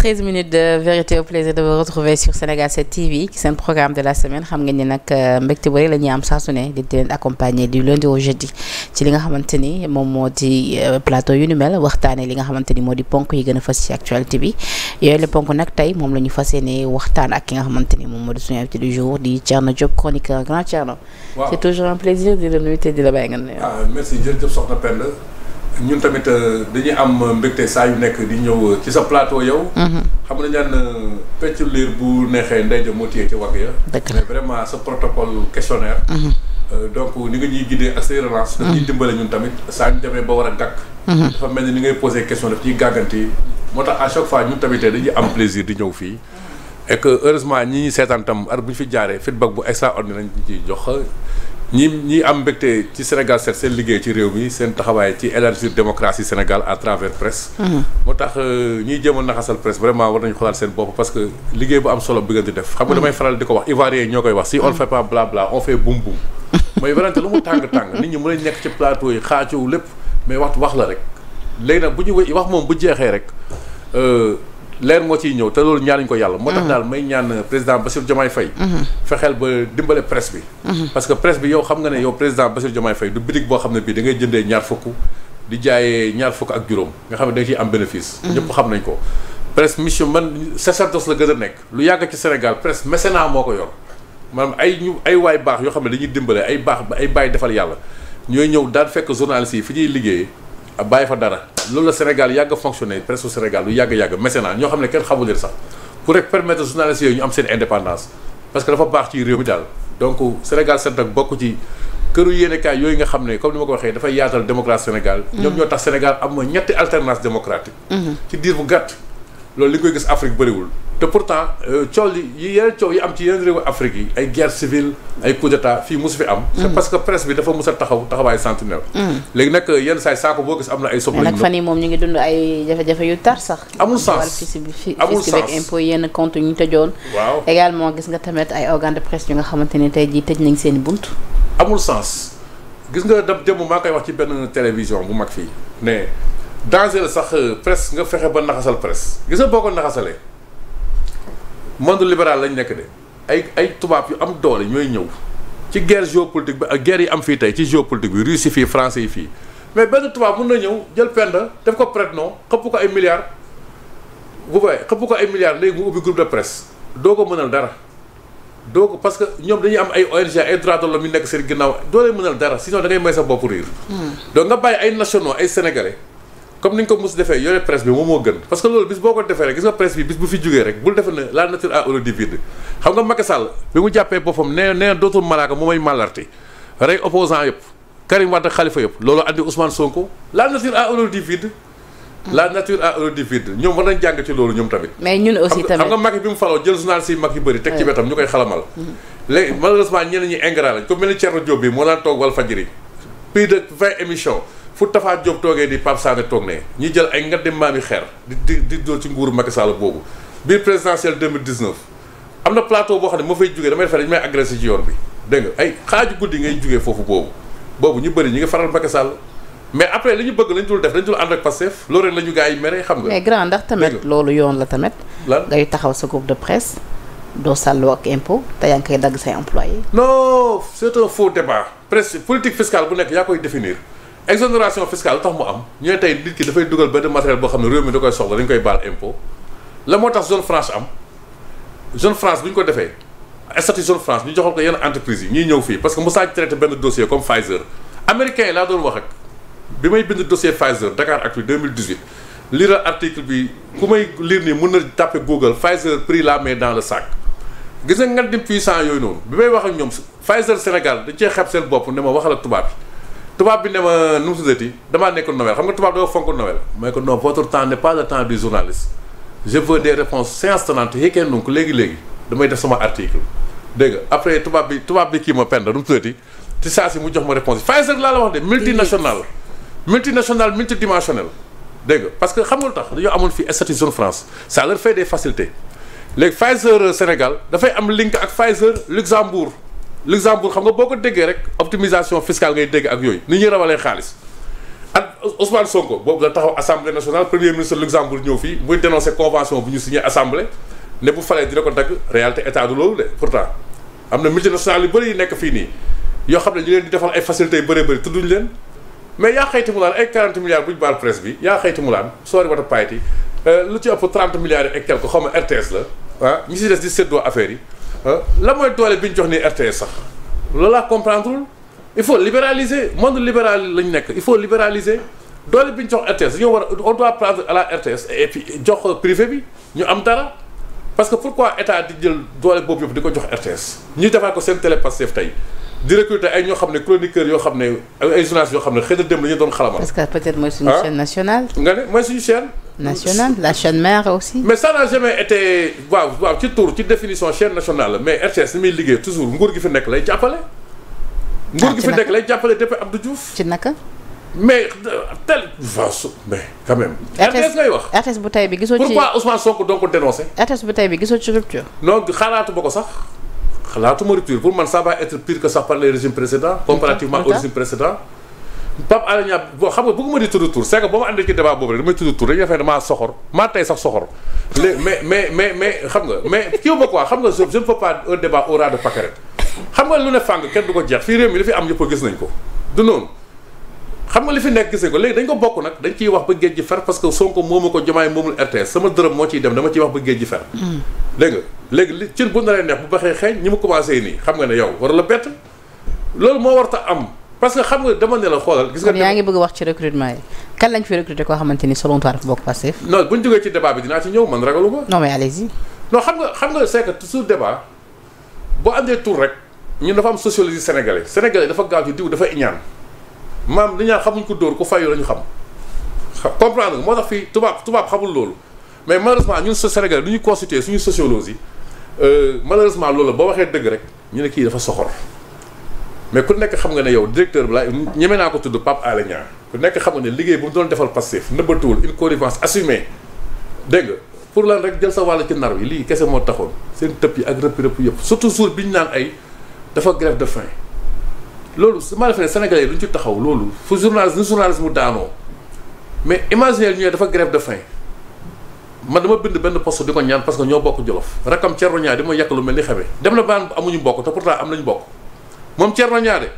13 minutes de vérité au plaisir de vous retrouver sur Sénégal 7 TV ci seen programme de la semaine xam ngeen ni nag euh, mbégte bu rek la ñuy am saa su ne di leen accompagner du lundi au jeudi ci li nga xamante ni moom moo di euh, plateau yu ni mel waxtaanee li nga xamante ni moo di ponk yi gën a fas ci actualité moom la ñu fas yéene waxtaan ki nga xamante ni moom moo di suñu invité du jour di Thierno Diop chroniqueur grand Thierno. waaw c'est toujours un plaisir di la nuyu te di nga nuyu. ah merci ñun tamit euh, dañuy am euh, mbégte saa yu nekk di ñëw euh, ci sa plateau yow. Mhm. xam nga ñaan peccu liir bu neexee ndey ja ci wagg ya. dëgg la vraiment sa protocole questionnaire. Mhm. donc ni nga ñuy guidé ak say relance. Mhm. daf ñuy dimbale ñun tamit saa ñu demee ba war a gàkk. dafa mel ni ni ngay posé question daf ñuy gàgganti moo tax à chaque fois ñun tamit eh, dañuy am plaisir di ñëw fii. et heureusement ñi ñuy seetaan tam ar bu ñu fi jaaree feedback bu extraordinaire lañ ciy jox. ñi ñi am mbégte ci Sénégal set seen liggéey ci réew mi seen taxawaay ci élargir démocratie Sénégal à travers presse. Mhm. moo tax euh, ñiy jéem a naxasal presse vraiment war nañu xoolaat seen bopp parce que liggéey bu am solo bi ngeen di def. xam nga mhm. damay faral di ko wax Ivoiriens ñoo koy wax si on mhm. fait pas blabla on fait boum boum. mooy werante lu mu tàng tàng nit ñi mën a nekk ci plateau yi xaaju lépp mais waxtu wax la rek léegi nag bu ñu wax moom bu jeexee rek. Euh, leer moo ciy ñëw te loolu ñaanuñ ko yàlla moo tax mhm. daal may ñaan euh, président Bassirou Diomaye Faye mhm. fexeel ba dimbale presse bi mhm. parce que presse bi yow xam nga ne yow président Bassirou Diomaye Faye du bitig boo xam ne bii da ngay jëndee ñaar fukk di jaayee ñaar fukk ak juróom nga xam ne da nga ciy am bénéfice ñëpp xam nañ ko presse mission man sacerdoce la gën a nekk lu yàgg ci Sénégal presse mécénat moo ko yor maanaam ay ñu ay waay baax yoo xam ne dañuy dimbale ay baax ay bàyyi defal yàlla ñooy ñëw daan fekk journalistes yi fi ñuy liggéey ah, bàyyi fa dara loolu la Sénégal yàgg a fonctionné presse Sénégal lu yàgg yàgg mécénat ñoo xam ne kenn xamu sax pour rek permettre journalistes yooyu ñu am seen indépendance parce que dafa baax ci réew mi daal donc Sénégal set nag bokk ci këru yéenekaay yooyu nga xam ne comme ni ma ko waxee dafay yaatal démocratie Sénégal mmh. ñoom ñoo tax Sénégal am na ñetti alternance démocratique mmh. ci diir bu gàtt loolu li nga koy gis Afrique bëriwul te pourtant euh, coow yi yeneen coow yi am ci yeneen réewu Afrique yi ay guerre civile ay coup d'état fii mosu fi am mm. parce que presse bi dafa mos a taxaw taxawaay sentinelle mm. léegi nag euh, yenn saay saako boo gis am na ay soxla nag moom ñu ngi dund ay jafe-jafe yu tar sax amul sens amul sens beeg yenn compte ñu tëjoon waaw également gis nga tamit ay organe de presse nga xamante ne tey jii tëj nañ seen bunt amul sens gis nga dem démb maa koy wax ci benn télévision bu mag fii ne danger sax euh, presse nga fexe ba naxasal presse gis nga boo ko naxasalee monde liberal lañ nekk de ay ay tubaab yu am doole ñooy ñëw ci guerre géopolitique bi ak guerre yi am fii tey ci géopolitique bi Russie fii français yi fii mais benn tubaab mun na ñëw jël penda def ko prête non xëpp ko ay milliards bu baaxee xëpp ko ay milliards léegi mu ubbi groupe de presse doo ko mënal dara doo ko parce que ñoom dañuy am ay ONG ay droits de l'homme yu nekk seen ginnaaw doole leen mënal dara sinon da ngay sa bopp riir hmm. donc nga bàyyi ay nationaux ay sénégalais. comme ni ñu ko mos defee yore presse bi moom moo gën parce que loolu bis boo ko defee rek gis nga presse bi bis bu fi jógee rek bul defe ne la nature a horreur du vide xam nga Macky Sall bi mu jàppee boppam nee nee dootul malaaka mu may màllarti rey opposant yëpp Karim Wade Khalifa yëpp loolu andi Ousmane Sonko la nature a horreur du vide la nature a horreur du vide ñoom war nañ jàng ci loolu ñoom tamit. mais ñun aussi tamit xam nga Macky bi mu faloo jël journal si mag yu bëri teg ci koy xalamal. Mm-hmm. léegi malheureusement ñeneen ñi ingrat lañ ko mel ni Thierno bi moo daan toog Walfadjri plus de vingt émissions fu Tafa Diop toogee di Pape Sané toog ne ñi jël ay ngaddi maami xeer di di di dool ci nguuru Macky Sall boobu biir présidentielle 2019 am na plateau boo xam ne moo fay jugee damay defee dañu may agressé ci yoon bi dégg ay xaaju guddi ngay jugee foofu boobu boobu ñu bëri ñu ngi faral Macky Sall mais après li ñu bëgg lañ dul def dañ dul ànd ak Pastef loolu rek la yi mere xam nga. mais grand ndax tamit loolu yoon la tamit. ngay taxaw sa groupe de presse doo sàlloo ak impôt te yaa ngi koy dagg say employé. non c'est un faux débat exonération fiscale lu tax mu am ñu ne nit ki dafay dugal benn matériel boo xam ne réew mi da koy soxla dañ koy baal impôt la moo tax zone franche am zone franche bu ñu ko defee statut zone franche ñu joxal ko yenn entreprise yi ñuy ñëw fii parce que mu saa traité benn dossier comme Pfizer américain yi laa doon wax ak bi may bind dossier Pfizer Dakaractu 2018 liiral article bi ku may lire nii mën na tàppe Google Pfizer pris la main dans le sac gis nga nga dem puissant yooyu noonu bi may wax ak ñoom Pfizer Sénégal dañ cee xeeb seen bopp ne ma waxal ak tubaab tubaab bi ne ma nu mu tuddati damaa nekk Noël xam nga tubaab dafa fonk Noël mooy que non votre temps n'est pas le temps du journaliste je veux des réponses instantanées yeekeen donc léegi léegi damay def sama article dégg après tubaab bi tubaab bi kii ma pend nu mu tuddati ci saa si mu jox ma réponse Pfizer laa la wax de multinational multinational multidimensionnel dégg nga parce que xam nga lu tax dañoo amul fi statut zone France ça leur fait des euh, Sénégal dafay am link ak Pfizer Luxembourg Luxembourg xam nga boo ko déggee rek optimisation fiscale ngay dégg ak yooyu ni ñu rawalee xaalis ak Ousmane Sonko boobu la taxaw assemblée nationale premier ministre Luxembourg ñëw fii muy dénoncer convention bu ñu signé assemblée ne bu falee dina ko dagg réalité état du loolu de pourtant am na multinationales yu bëri yu nekk fii nii yoo xam ne ñu leen di defal ay facilités yu bëree bëri tudduñu leen mais yaa xayti mu laan ay 40 milliards buñ baal bi yaa xayti mu laan soori wat a payiti euh, lu ci la ah ñi si affaire yi Euh, la mooy doole bi ñu jox ni RTS sax loolaa comprendrewul il faut libéraliser monde libéral lañ nekk il faut libéraliser doole bi ñu jox RTS dañoo war on doit prendre RTS jox privé bi ñu am dara parce que pourquoi état di jël doole boobu yëpp di ko jox RTS ñuy defaat ko seen télé Pastef tey di recruter ay ñoo xam ne chroniqueurs yoo xam ne ay journalistes yoo xam ne xëy na dem la ñu doon xalamal. parce que peut mooy suñu chaîne nationale. nga ne mooy suñu chaîne. nationale la chaîne mère aussi. mais ça n'a jamais été waaw waaw ci tur ci définition chaîne nationale la mais RTS ni muy liggéey toujours nguur gi fi nekk lay jàppale. Ah, nguur gi fi nekk lay jàppale depuis Abdou Diouf. ci naka. mais tel va su mais quand même. RTS ngay wax RTS bu tey bi gisoo ci pourquoi Ousmane Sonko doon ko dénoncé. RTS bu tey bi gisoo ci rupture. non xalaatu ba ko sax xalaatu ma rupture pour man ça va être pire que sax par les régimes précédents comparativement au régime précédent Pape Alé Niang boo xam nga bëgguma di tudd tur c'est que boo ma boobu rek damay tudd tur dañuy defee damaa soxor maa tey sax soxor léegi mais mais mais mais xam nga mais kii ba quoi xam nga je ne peux pas un débat xam nga lu ne fàng kenn du ko jeex fii réew mi li fi am ñëpp gis nañ ko du noonu xam nga li fi nekk gis nañ ko léegi dañ ko bokk nag dañ ciy wax ba géej ji fer parce que Sonko moomu ko jomaay moomul RTS sama dërëm moo ciy dem dama ciy wax ba géej ji fer hmm. nga léegi li cin bu na lay bu baxee xeeñ ñi mu commencé nii xam nga ne yow war la bett loolu moo war ta am parce que xam nga dama ne la xoolal. gis nga yaa ngi bëgg wax ci recrutement yi kan lañ fi recruter koo xamante ni selon toi dafa bokk Pastef. non bu ñu duggee ci débat bi dinaa ci ñëw man ragalu ko. mais allez-y. non xam nga xam nga c'est que toujours débat boo andee tur rek ñun dafa am sociologie sénégale sénégalais dafa gaaw ci diw dafa iñaan maam li ñaan xamuñ ko dóor ko fayu lañu xam comprendre nga moo tax fii tubaab tubaab xamul loolu mais malheureusement ñun sénégalais du ñu constitué suñu sociologie euh, malheureusement loolu boo waxee dëgg rek ñu ne kii dafa soxor mais ku nekk xam nga ne yow directeur bi la ñeme naa ko tudd Pape Alé Niang ku nekk xam nga ne liggéey bu mu doon defal Pastef nëbbatuwul une connivence assumée dégg nga pour lan rek jël sa wàll ci nar wi lii kese moo taxoon seen tëpp yi ak rëpp rëpp yëpp surtout jour bi ñu naan ay dafa grève de faim loolu su ma defee Sénégalais yi duñ ci taxaw loolu fu journaliste nu journaliste mu daanoo mais imaginez ñu ne dafa grève de faim man dama bind benn poste di ñoo bokk Jolof rakam Thierno Niang di ma ni xamee dem na baan amuñu mbokk te pourtant am nañu mbokk moom Thierno Niade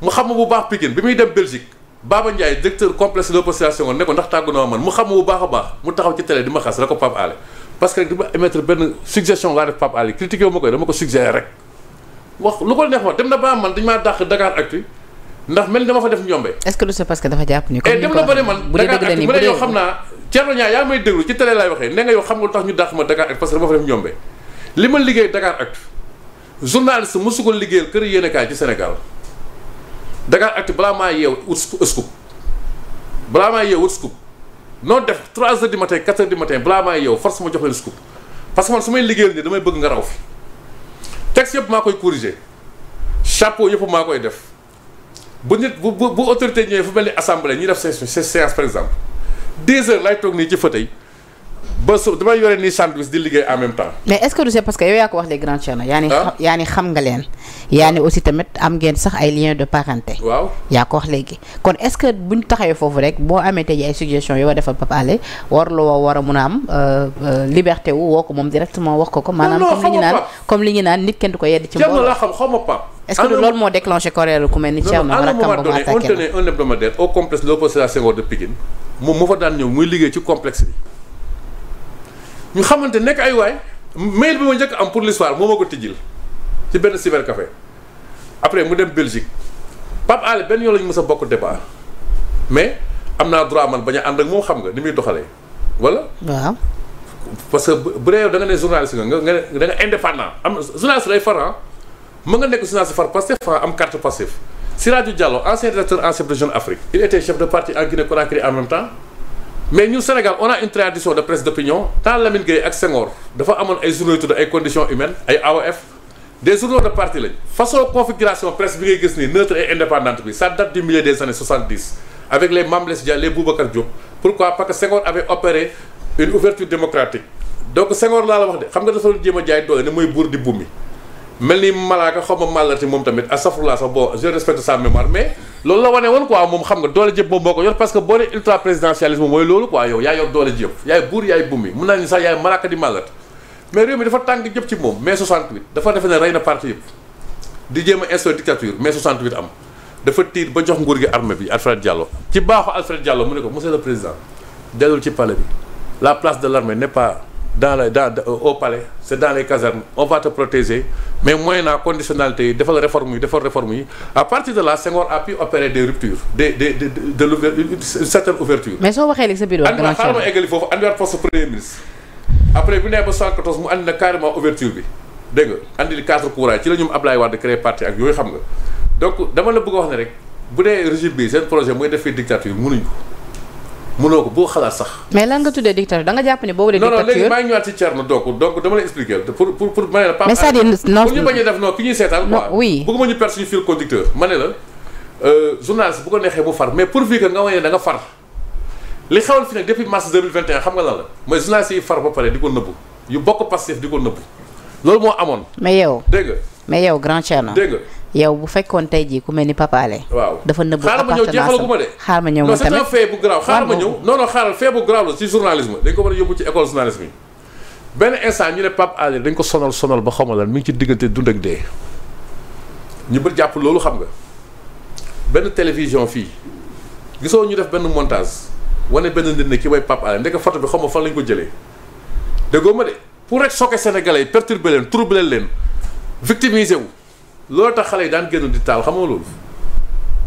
mu xam bu baax Pikine bi muy dem Belgique Baba Ndiaye directeur complexe de posturation ne ko ndax tàggu noo man mu xam bu baax a baax mu taxaw ci télé di ma xas rek ko Pape Alé parce que rek di ma émettre benn suggestion laa def Pape Alé ma koy dama ko suggéré rek wax lu ko neex wax dem na ba man dañ maa dàq Dakar Actu ndax mel ni dama fa def ñombe. est-ce que lu c'est parce dafa jàpp ni. comme eh, dem na ba man Dakar Actu naa Thierno Niade yaa may déglu ci télé laay waxee ne nga yow xam nga lu tax ñu ma Dakar li ma liggéey Dakar Actu journaliste mosu ko liggéeyal kër yéenekaay ci Sénégal Dakaractu balaa maa yeew wut scoop balaa maa yeew wut scoop noo def 3 heures du matin 4 heures du matin balaa maa yeew force ma jox leen scoop parce que man su may liggéeyal nii damay bëgg nga raw fi texte yëpp maa koy corriger chapeau yëpp maa koy def bu nit bu bu autorité ñëwee fu mel ni assemblée ñuy def seen séance par exemple 10 heures lay toog nii ci fauteuil ba su damay yore nii sandwich di liggéey en même temps. mais est ce du c'est parce yow yaa ko wax léegi grand Thierno. yaa ah. yaa ni xam nga leen. yaa ni aussi tamit am ngeen sax ay lien de parenté. waaw yaa ko wax léegi. kon est ce que buñ taxawee foofu rek boo amee tey ay suggestion a defal Pape Alé warloo war a mun a am euh, euh, liberté wu woo ko moom directement wax ko ko. maanaam comme li ñu naan comme li ñu naan nit kenn du ko yedd ci mbooloo laa xam xaw ma Pape. est loolu moo déclenché ci complexe ñu xamante nekk ay waay mail bi ma jëkk am pour l'histoire moom ma ko tijjil ci benn cybercafé après mu dem Belgique Pape benn yoon la ñu a bokk débat mais am naa droit man bañ a ànd ak moom xam nga ni muy doxalee wala. waaw. parce que bu dee yow da ne journaliste nga nga da nga indépendant am journaliste lay far ah nga nekk journaliste far Pastef ah, am carte Pastef Sirajou Diallo ancien directeur en chef de Jeune Afrique il était chef de mais ñu Sénégal on a une de presse d'opinion tant Lamine Gueye ak Senghor dafa amoon ay journaux yu tudd ay conditions humaines ay AOF des journaux de parti lañ façon configuration presse bi ngay gis ni neutre et indépendante bi ça date du milieu des années 70 avec les Mame Less Dia les Boubacar Diop pourquoi parce que Senghor une ouverture démocratique donc Senghor laa la wax de xam nga dafa doon jéem a jaay doole ne mooy buur di bumi mel ni malaaka xaw ma moom tamit astafurlah sax bon je respecte sa mémoire mais loolu la wane woon quoi moom xam nga doole jëpp moom moo ko yor parce que boo ne ultra mooy loolu quoi yow yaa yor doole jëpp yaay buur yaay bumi mun naa ni sax yaay malaaka di màllat mais réew mi dafa tàng jëpp ci moom mai 68 dafa defe ne rey na parti yëpp di jéem a instauré dictature mai 68 am dafa tiit ba jox nguur gi armée bi Alfred Diallo ci baaxu Alfred Diallo mu ne ko monsieur le président dellul ci palais la place de l'armée n'est pas dans la dans au palais c' est dans les casernes on va te protéger mais moyen naa conditionnalité yi defal réforme yi defal réforme yi à parti de là Senghor a pu opérer des ruptures des des de de une certaine ouverture. mais soo waxee léegi sa biir wax dama xaaral ma eggali foofu andiwaat poste premier ministre. après bu nee ba 114 mu andi na carrément ouverture bi dégg nga andi cadre courage ci la ñoom parti ak yooyu xam nga donc dama la bëgg wax ne rek bu dee régime bi seen projet mooy def fii dictature mënuñ ko. mënoo ko boo xalaat sax. mais la nga tuddee dictature da nga jàpp ne boobu la. dictature non non léegi maa ngi ñëwaat ci Thierno donc donc dama la expliquer pour pour ma ne la. Pape mais cest à a def non seetaan. non oui quoi ñu perdre suñu fil conducteur. ma ne la euh, journaliste bu ko neexee mu far mais pour que nga wane da nga far li xewal fi nag depuis mars 2021 xam nga lan la mooy journaliste yi far ba pare di ko nëbbu yu bokk Pastef di ko nëbbu loolu moo amoon. mais yow d nga mais yow bu fekkoon tey jii ku mel ni Papa waaw dafa nëbb appartenance xaar ma ñëw man tamit non c'est xaar ma ñëw non non xaaral fait bu grave la ci journalisme dañ ko war a yóbbu ci école journalisme yi benn instant ñu ne Papa Alé dañ ko sonal sonal ba xamal lan mi ngi ci diggante dund ak dee ñu bëri jàpp loolu xam nga benn télévision fii gisoo ñu def benn montage wane benn nit ne ki mooy Papa Alé ndeke photo bi xam ma fan lañ ko jëlee déggoo ma de pour rek choquer sénégalais yi perturber leen troubler leen victimiser wu loolu tax xale yi daan génn di taal xam nga loolu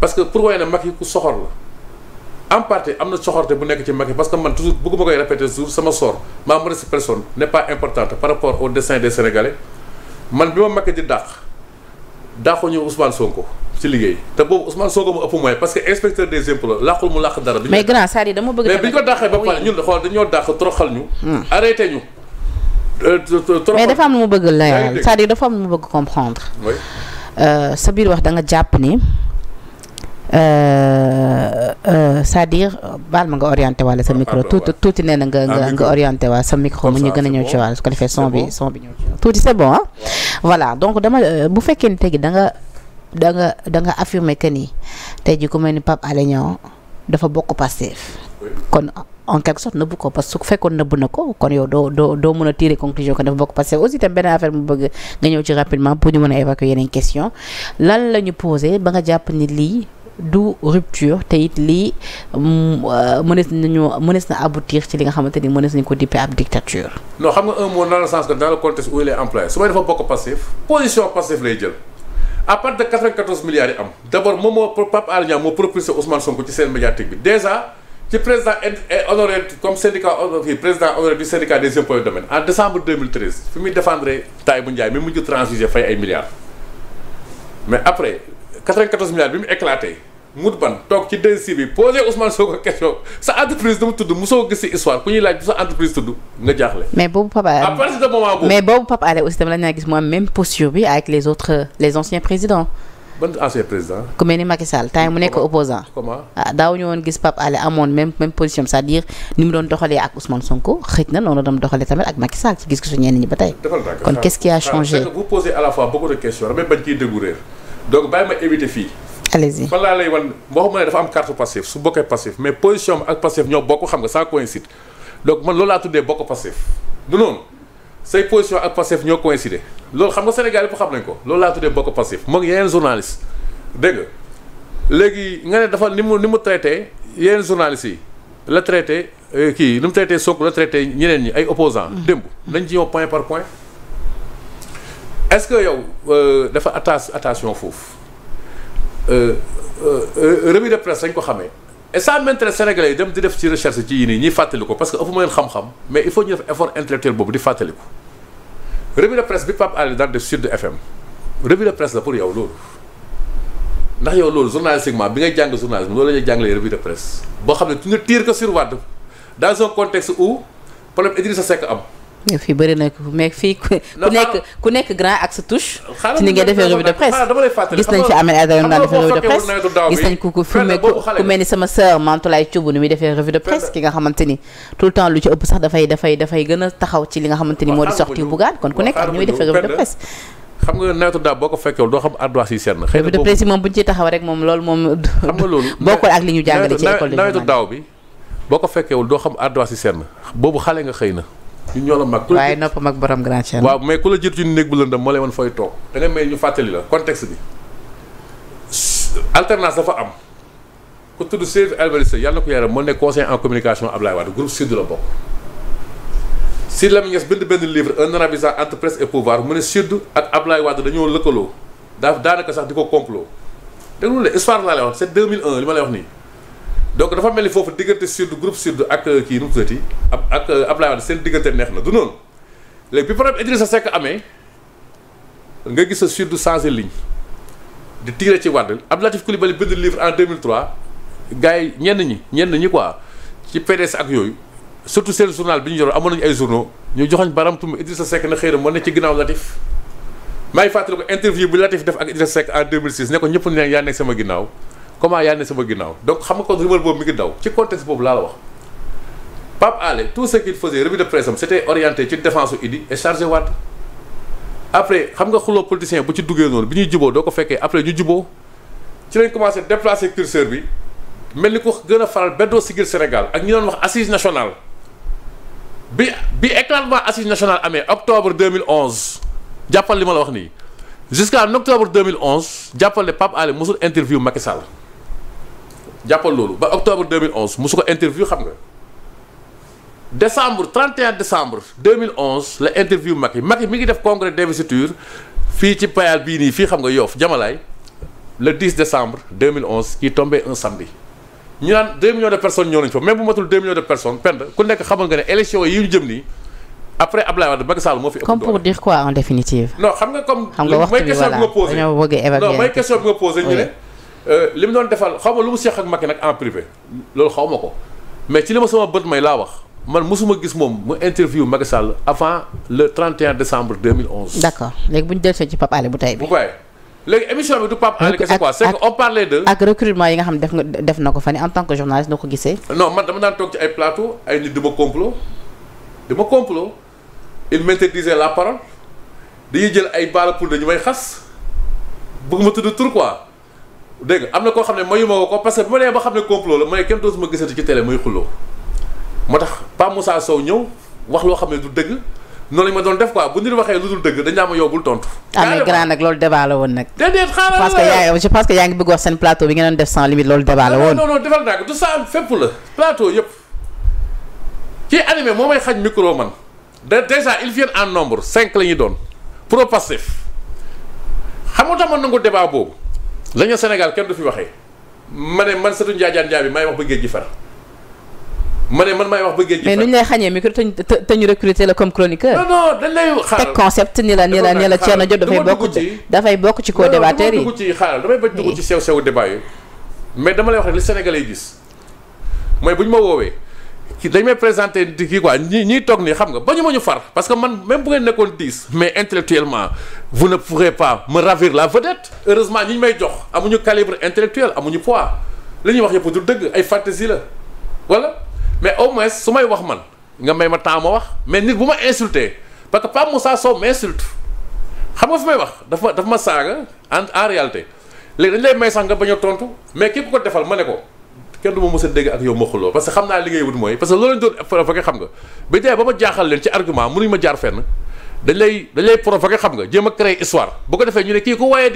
parce que pour waaye ne mag yi ku soxor la en partie am na soxorte bu nekk ci mag yi parce que man toujours bëgguma koy répéter toujours sama sort ma modeste personne n'est pas importante par rapport au destin des sénégalais man bi ma mag di dàq dàquñu Ousmane Sonko ci liggéey te boobu Ousmane Sonko mu ëpp mooy parce que inspecteur des impôts la làqul mu làq dara. bi mais grand Sary dama bëgg. mais bi ñu dàq Euh, sa biir wax da nga jàpp ni euh, euh, c'est-à-dire baal ma nga orienté walla sa ah, micro ah, tuuti tuuti nee na nga ah, nga orienté waa sa micro mu ñu gën a ñëw ci wàll su ko defee son bi son bi ñëw ci tuuti c'est bon voilà donc dama bu fekkee ni tegi da nga da nga da nga affirmer que ni tey ji ku mel ni Pape dafa bokk Pastef kon en quelque sorte nëbbu ko parce a tirer aussi tam benn affaire mu bëgg nga ñëw ci rapidement pour ñu mën a évacuer yeneen question lan la ñu ba nga jàpp ni lii du rupture te it lii mm, euh, mënees nañu mënees ci li nga xamante ni mënees nañu ko dippee ab dictature. non xam nga un mot dans sens que dans le contexte où su may dafa bokk passif position passif lay jël. à part de yi am d' moom moo Pape Alé Niang moo propulsé Ousmane Sonko ci président eh, honoré comme syndicat oh, fii président honoré du syndicat des impôts et domaines en décembre 2013 fi muy défendre Taïbu Ndiaye mi mujj transiger fay ay milliards mais après 94 milliards bi mu éclaté mut ban toog ci DG bi posé Ousmane Sonko question sa entreprise dama tudd mosoo soo si histoire ku ñuy laaj sa entreprise tudd nga jaaxle. mais boobu Pape mais boobu Pape Alé aussi tamit la ñu gis mu am même posture bi avec les autres les anciens ban ancien président. ku mel ni Macky mu nekk opposant ah daawuñu woon gis Pape amoon même même position c'est-à-dire ni mu doon doxalee ak Ousmane Sonko xëj na noonu la doxalee tamit ak Macky ci gis-gisu ñenn ñi ba tey. kon qu'est-ce qui a changé. parce que vous posez à la fois beaucoup de questions damay bañ ciy déglu réer donc bàyyi ma éviter fii. allez-y fan ne dafa am carte passif su bokkee passif mais position ak passif ñoo bokk xam nga ça coïncide donc man loolu say position ak Pastef ñoo coïncider loolu xam nga Sénégal yëpp xam nañ ko loolu laa tuddee bokk Pastef moom yeneen journaliste dégg nga léegi nga ne dafa ni mu ni mu traité yeneen journalistes yi la traité euh, kii ni mu traité Sonko la traité ñeneen ñi ay opposant mm. démb nañ ci ñëw point par point est-ce que yow euh, dafa atta attention foofu euh, revue de presse dañ ko xame et ça m'intéresse sénégalais yi dem di def ci recherche ci yi nii ñuy fàttaliku parce que ëpp leen xam-xam mais il faut ñu def effort intellectuel boobu di fàttaliku. revue de presse bi Pape Alé daan def Sud FM revue de presse la pour yow loolu ndax yow loolu journalistiquement bi ngay jàng journalisme loolu la ñuy jàngalee revue de presse boo xam ne tu ne tires que sur Wade dans un contexte où problème Idrissa Seck am. fii bëri na mais fii ku nekk ku nekk grand ak sa touche. ci ni nga defee revue de presse gis nañ fi Ahmed Aïdara daan defee revue de presse gis nañ ki nga xamante ni tout le temps lu ci ëpp sax dafay dafay dafay gën a taxaw ci li nga xamante ni moo di sorti bugaan kon ku nekk ak ñooy defee revue de presse. xam nga nawetu daaw boo ko fekkewul doo xam adduwaas yi seen. xëy na de presse moom bu ñu ciy taxaw rek moom lool moom. xam nga loolu bokkul ak li ñu jàngale ci école nawetu daaw ko fekkewul doo xam adduwaas yi seen boobu xale xëy na ñun ñoo la mag. ku la waaye noppam ak borom grand chien. waaw mais ku la jiitu ci néeg bu lëndëm moo lay wan fooy toog da nga may ñu fàttali la contexte bi alternance dafa am ku tudd Seydou Albert Seye yàlla na ko yaram moo nekk conseil en communication Ablaye Wade groupe Sud la bokk. la Lamine Niasse bind benn livre un arabisant entre presse et pouvoir mu ne Sud ak Ablaye Wade dañoo lëkkaloo daa daanaka sax di ko complot te loolu la histoire laa lay wax c'est 2001 li ma lay donc dafa mel ni foofu diggante sud groupe sud ak euh, kii nu mu tuddati ak euh, ak neex na du noonu bi problème Idrissa Seck amee nga gis sa sud changé ligne di tiré ci Wade Abdou Latif Coulibaly bind livre en 2003 gars yi ñenn ñi ñenn ñi quoi ci PDS ak yooyu surtout seen journal bi ñu yoroon amoon nañu ay journaux ñu joxoñ baramtum Idrissa Seck na xëy na mën na ci ginnaaw Latif maa ngi fàttali ko interview bi Latif def ak Idrissa Seck en 2006 ne ko ñëpp ne yaa nekk sama ginnaaw. comment yaa ne sama ginnaaw donc xam nga kon rumeur boobu mi ngi daw ci contexte boobu laa la wax Pape Alé tout ce qu'il faisait de presse am c'était orienté ci défense u Idi et chargé Wade après xam nga xuloo politicien bu ci duggee noonu bi ñuy juboo doo ko fekkee après ñu juboo ci lañ commencé déplacer curseur bi mel ni ko gën a faral Benno Siggil Sénégal ak ñu doon wax assise nationale bi bi éclatement assise nationale amee octobre 2011 jàppal li ma la wax nii jusqu'en octobre 2011 jàppal ne Pape Alé mosul interview Macky Sall jàppal loolu ba octobre 2011 musu ko interview xam nga décembre 31 décembre 2011 la interview Macky Macky ngi def congrès d'investiture fii ci payal bii nii fii xam nga Yoff Jamalaay le 10 décembre 2011 qui tombait un samedi ñu naan 2 millions de personnes ñoo nañ fa même bu matul 2 millions de personnes pend ku nekk xamal nga ne élection yi ñu jëm nii après Ablaye Wade Macky Sall moo fi. comme pour quoi nga comme. xam nga waxtu bi voilà dañoo bëgg évaluer non mooy question bi nga posé ñu Euh, li mu doon defal xaw ma lu mu seq ak Macky nag en privé loolu xaw ma ko mais ci li ma sama bët may laa wax man mosuma gis moom mu interview Macky Sall avant le 31 décembre 2011. d'accord léegi bu ñu dellusee ci Pape Alé bu tey bi. bu bàyyi léegi émission bi du Pape kese quoi c'est que on parlait de. ak recrutement yi nga xam def nga def na ko fan en tant que journaliste noo ko gisee. non man dama daan toog ci ay plateau ay nit la parole jël ay balle pour dañu may xas bëgg ma tudd tur quoi. dégg am na koo xam ne mayu ko parce que ma nee ba xam ne complot la ma ne kenn dootu ma gisati ci télé muy xulloo moo tax Pape Moussa Sow ñëw wax loo xam ne du dëgg noonu lañ ma doon def quoi bu nit waxee lu dul dëgg dañ naa ma yóbbul tontu. ah mais grand nag loolu débat la woon nag. déedéet xaaral parce que yaa je pense que yaa ngi bëgg wax seen plateau bi ngeen doon def sans limite fépp la plateau yëpp kii animé moo may xaj micro man déjà ils viennent en nombre cinq la ñuy doon pro passif xam nga tax ma nangu débat boobu lañu Sénégal kenn du fi waxee man ne man sëtu njaajaan njaa bi maay wax ba géej gi far ma ne man maay wax ba géej gi far mais nuñ lay xañee micro te ñu te ñu recruter la comme ni la ni la ni la Thierno Diop dafay bokk ci dafay bokk ci koo débatteur yi dugg ci xaaral damay bañ dugg ci sew sew mais dama lay wax rek li Sénégalais gis mooy bu ñu ma woowee kii dañ may présenté di kii quoi ñi ñiy toog nii xam nga ba ñu ma ñu far parce que man même bu ngeen nekkoon dix mais intellectuellement vous ne pourrez pas me ravir la vedette heureusement ñi ñu may jox amuñu calibre intellectuel amuñu poids li ñuy wax yëpp du dëgg ay fantaisie la voilà mais au moins su may wax man nga may ma temps ma wax mais nit bu ma insulté parce que Pape Moussa Sow m'insulte xam nga fi may wax dafa dafa ma saaga en en réalité léegi dañ lay may sax nga bañ a mais kii ku ko defal ma ne ko. kenn du ma mës a dégg ak yow ma xuloo parce que xam naa li ngay wut parce que loolu lañ doon provoqué xam nga ba tey ba ma jaaxal leen ci argument mënuñ ma jaar fenn dañ lay dañ lay provoqué xam nga jéem a créer histoire ko defee ñu ne kii ku wax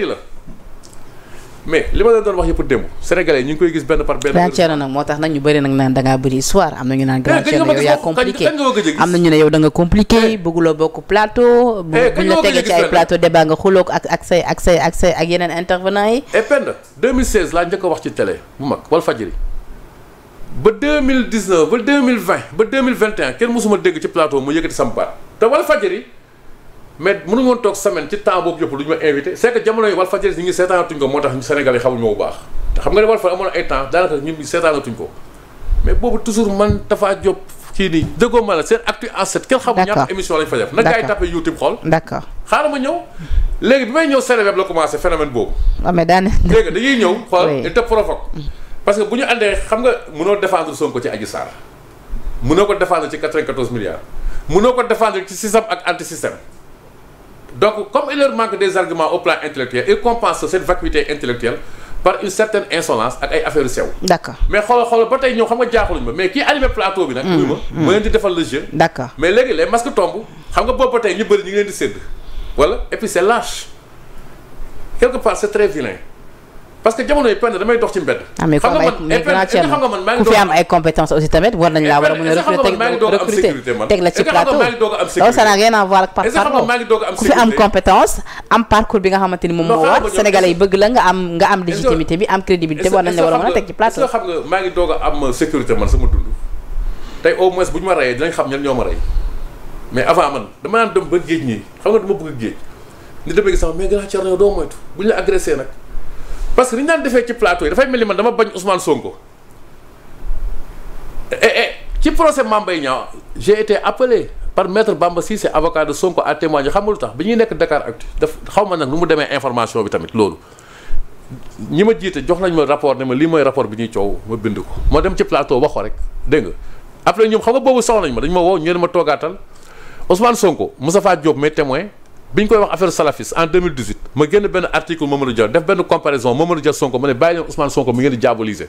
ñu ngi koy gis benn par benn. Grand Thierno moo tax nag ñu bëri nag naan da ngaa bëri histoire am ci ay wax bu mag Walfadjri ba deux mille dix neuf ba deux mille vingt ba deux mille vingt et un kenn mosuma dégg ci plateau mu yëkkati sama baat te Walfadjri mais mënu woon toog semaine ci temps boobu yëpp lu ñu invité c'est que jamono yi Walfadjri ñu ngi seetaanatuñ ko moo tax Sénégal yi xamuñu ma bu baax te xam nga ne boobu toujours man Tafa Diop kii nii dëggoo ma la seen actu en set kenn xamul ñaata émission lañ fa def na gars yi tapé YouTube xool d'accord xaaral ma ñëw léegi bi may ñëw Seneweb la commencé phénomène boobu ah, léegi dañuy ñëw xool te provoque mm. parce que bu ñu àndee xam nga mënoo défendre Sonko ci Adji Sarr mënoo ko défendre ci 94 milliards mënoo ko défendre ci système ak anti système donc comme il leur manque des arguments au plan intellectuel ils compensent cette vacuité intellectuelle par une certaine insolence ak ay affaire sew. d'accord mais xoolal xoolal ba tey ñëw xam nga jaaxaluñ ma mais kii animé plateau bi nag. muy mm. ma ma leen di defal le jeu. d'accord mais léegi les masques parce que jamono yi pend damay dox ci mbedd. Ah, xam nga man mais ku fi am ay compétences aussi tamit war nañ laa war a mën a recruter teg la ci plateau loolu ça n'a rien à ak par rapport ku fi am compétence am parcours bi nga xamante ni moom moo war sénégalais yi bëgg la nga am nga am légitimité bi am crédibilité war nañ la war a mën a teg ci plateau. est-ce maa ngi doog a am sécurité man sama dund tey au moins bu ñu ma reyee dinañ xam ñan ñoo rey mais avant man dama naan dem ba parce que li ñu daan defee ci plateau yi dafay mel ni man dama bañ Ousmane Sonko eh, eh ci procès Mame Mbaye Niang j'ai été par metre Bamba Cissé avocat de Sonko à témoigner xam nga lu tax bi ñuy nekk Dakar Actu daf xaw ma nag lu mu demee information bi tamit loolu ñi ma jiite jox nañ ma rapport ne ma lii mooy rapport bi ñuy coow ma bind ko moo dem ci plateau wax ko rek dégg nga après ñoom xam nga boobu soxnañ ma dañ ma woo ñu ne ma toogaatal Ousmane Sonko Moustapha Diop mais témoin bi ñu koy wax affaire salafis en 2018 ma génn benn article Mamadou Dia def benn comparaison Mamadou Dia Sonko ma ne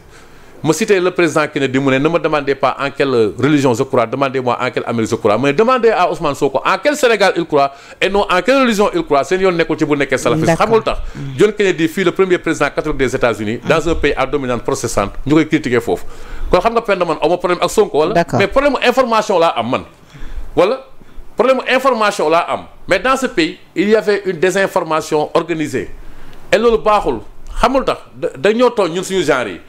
le président Kennedy mu ne ne me demandez pas en religion je crois demandez-moi en quelle Amérique je crois mais demandez à Ousmane Sonko en quel Sénégal il croit et non en religion il croit seen yoon nekkul ci bu nekkee salafiste xam nga John Kennedy fii le premier président catholique des États-Unis dans un pays à dominante problème information laa am mais dans ce pays il y avait une désinformation organisée et loolu baaxul xamul tax dañoo tooñ ñun suñu genre yi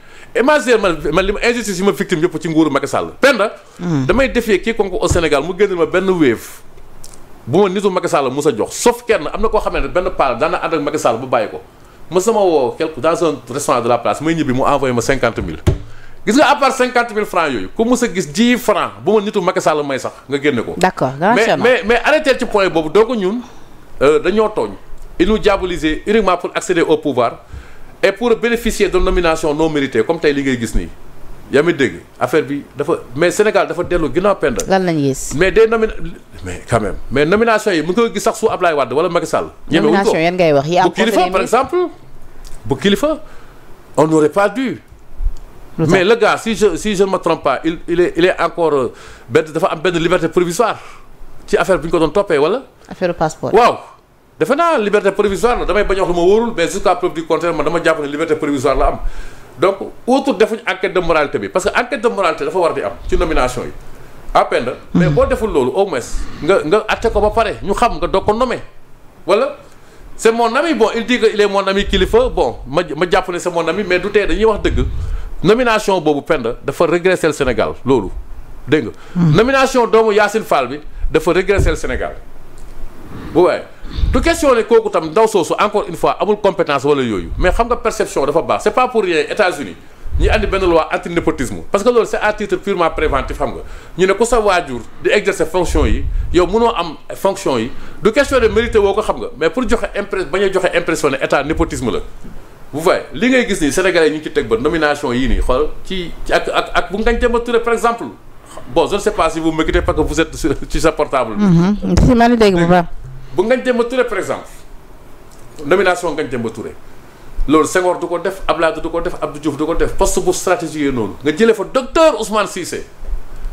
imaginer man man li ma injustice yi ma victime yëpp ci nguuru Macky Sall penda hmm. damay défier quiconque au Sénégal mu génnal ma benn wave bu ma nitu Macky mu sa jox sauf kenn am na koo xam ne benn paal daan na ak Macky bu bàyyi ko ma sama woo quelque dans un restaurant de la place may ñibbi mu envoyé ma cinquante mille gis nga à part cinquante mille francs yooyu ku mës a gis dix francs bu ma nitu Macky Sall may sax nga génne ko. d'accord mais mais mais arrêté ci point boobu donc ñun euh, dañoo tooñ. ils nous diabolisent uniquement pour accéder au pouvoir et pour bénéficier nomination non méritée comme tey li ngay gis nii. yaa ngi dégg affaire bi dafa mais Sénégal dafa dellu ginnaaw pend. lan lañ gis. mais des nomina mais quand même mais nomination yi mu ngi gis sax su Ablaye Wade wala Macky Sall. ñeme wu ko nomination yan mais le gars si je si je ne me il il est il est encore euh, benn dafa am benn liberté provisoire ci affaire bi ñu ko doon toppee wala. affaire passeport waaw. defe naa liberté provisoire la damay bañ wax ma wóorul mais jusqu'à dama jàpp ne liberté provisoire la am donc outre defuñ enquête que enquête de moralité dafa war di hmm. mais boo deful loolu au moins nga nga ko ba pare ñu xam nga doog ko nommé wala. c' est mon ami bon il dit que il est mon ami kilifa bon ma ma jàpp ne c' est mon mais du tee dañuy wax dëgg. nomination boobu pend dafa régresser Sénégal loolu dégg nga. Hmm. nomination doomu Yacine Fall bi dafa régresser le Sénégal bu waaye du question ne kooku tam ndaw soosu encore une fois amul compétence wala yooyu mais xam nga perception dafa baax c'est pas pour rien États-Unis ñu andi benn loi anti népotisme parce que loolu c'est à titre purement préventif xam nga ñu ne ku sa waajur di exercer fonction yi yow mënoo am fonction yi du question de mérité ko xam nga mais pour joxe impré bañ a joxe impression ne état la. vous voyez li ngay gis nii yi ñu ci teg ba nomination yii nii xool ci ci ak ak ak bu Ngagne Demba Touré par exemple bon je ne sais pas si vous que vous êtes ci sa portable. si ma la dégg bu baax. bu Ngagne Demba Touré par exemple nomination Ngagne Demba Touré loolu Senghor du ko def Abdoulaye du ko def Abdou Diouf ko def poste bu stratégie noonu nga jëlee fa docteur Ousmane Cissé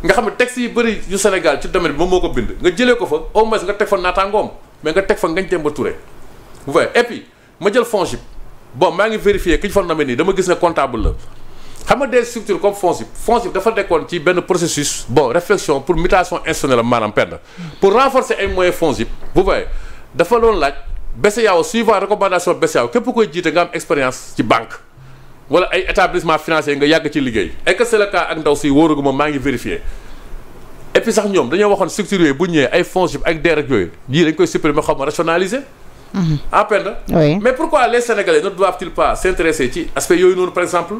nga xam ne teg si bëri yu Sénégal ci domaine bi moom moo ko bind nga jëlee ko fa au moins nga teg fa naataangoom mais nga teg fa Ngagne Demba Touré vous voyez et ma jël FONGIP. bon maa ngi vérifier ki ñu fa nommé nii dama gis ne comptable la xam nga des structures comme FONSIP FONSIP dafa nekkoon ci benn processus bon réflexion pour mutation institutionnelle maanaam penn pour renforcer ay moyens FONSIP vous voyez dafa doon laaj BCEAO suivant recommandation BCEAO képp koy jiite nga am expérience ci banque wala ay établissement financier nga yàgg ci liggéey et que c'est ak ndaw si wóoruguma maa ngi vérifier et sax ñoom dañoo waxoon structures bu ñëwee ay FONSIP ak DER ak yooyu yii dañ koy supprimer xaw ma rationaliser Mm-hmm. en peine oui. mais pourquoi les sénégalais ne doivent-ils pas s'intéresser ci aspect yooyu noonu par exemple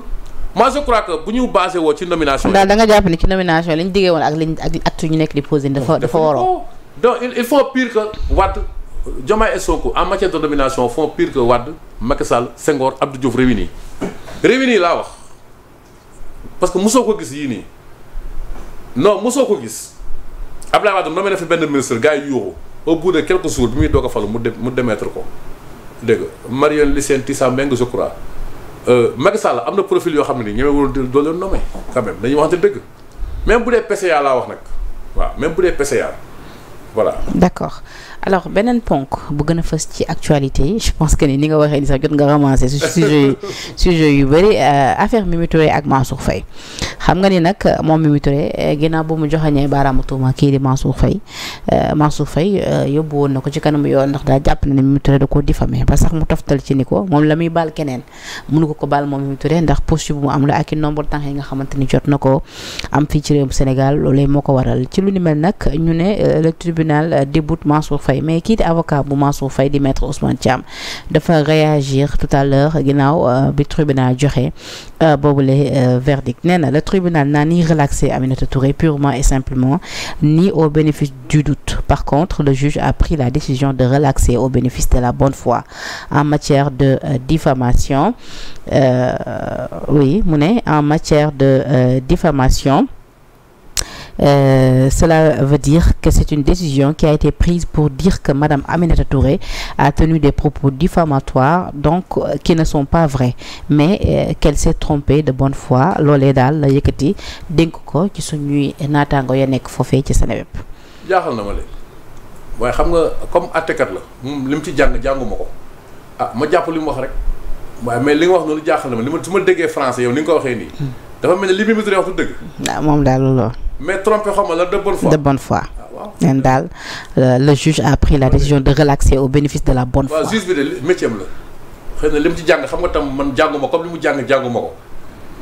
moi je crois que bu ñu basé woo ci nomination daal da nga jàpp ne diggee woon ak liñ ak acte ñu nekk di posé dafa dafa waroo donc il faut pire que Wade Diomaye et Sonko en de nomination font pire que Wade Macky Sall Senghor Abdou Diouf réunis réunis laa wax parce que mosoo ko gis yii nii non mosoo ko gis Abdoulaye Wade nommé na fi benn ministre gars yi yuuxu au bout de quelques jours bi muy doog a falu mu de mu démettre ko dégg nga Marion Lucien Tissa Mbengue je crois euh, Macky Sall am na profil yoo xam ne nii ñemewul doo leen nommé quand même dañuy waxante dëgg même bu dee PCA laa wax nag waaw même bu dee PCA voilà. d'accord. alors beneen ponk bu gën a fës ci actualité yi je pense que ni ni nga waxee ni sax jot nga ramassé su sujet yu bëri euh, affaire Mimi Touré ak Mansour Faye xam nga ni nag euh, moom Mimi Touré euh, ginnaaw bu mu joxañee baaraamu ma kii di Mansour Faye Mansour Faye yóbbu woon na ko ci kanamu yoon ndax daa jàpp na ne Mimi da koo diffamé ba sax mu toftal ci ni ko moom la muy baal keneen mënu ko ko baal moom Mimi ndax poste bu mu am la ak nombre temps yi nga xamante ni jot na ko am fii ci réewum Sénégal moo ko waral ci lu ni mel nag ñu ne mais kii de avocat bu Mansour Faye di maître Ousmane Thiam dafa réagir tout à l'heure ginnaaw euh, bi tribunal joxe euh, boobule euh, verdict nee na le tribunal n'a ni relaxé Aminata Touré purement et simplement ni au bénéfice du doute par contre le juge a pris la décision de relaxer au bénéfice de la bonne fois en matière de diffamation oui mu ne en matière de diffamation Euh, cela veut dire que c'est une décision qui a été prise pour dire que Madame Aminata Touré a tenu des propos diffamatoires donc euh, qui ne son pas vrais mais euh, qu'elle s'est de bon foi loolee daal la yëkkati dénk ko ci suñuy naataango ya nekk foofee ci Seneweb. jaaxal na ma leen waaye xam nga comme àttekat la moom li mu ci jàng jànguma ko ah ma jàpp li mu wax rek waaye mais li nga wax noonu jaaxal na ma li su ma déggee français yow ni nga ko waxee nii. Hmm. dafa moom daal mais trompé xaw ma la de bonne foi. de ah, daal euh, le juge a pris la décision de relaxer au bénéfice de la bonne foi. waaw bi de la xëy na li mu ci jàng xam nga tam man jànguma comme li mu jàng jànguma ko.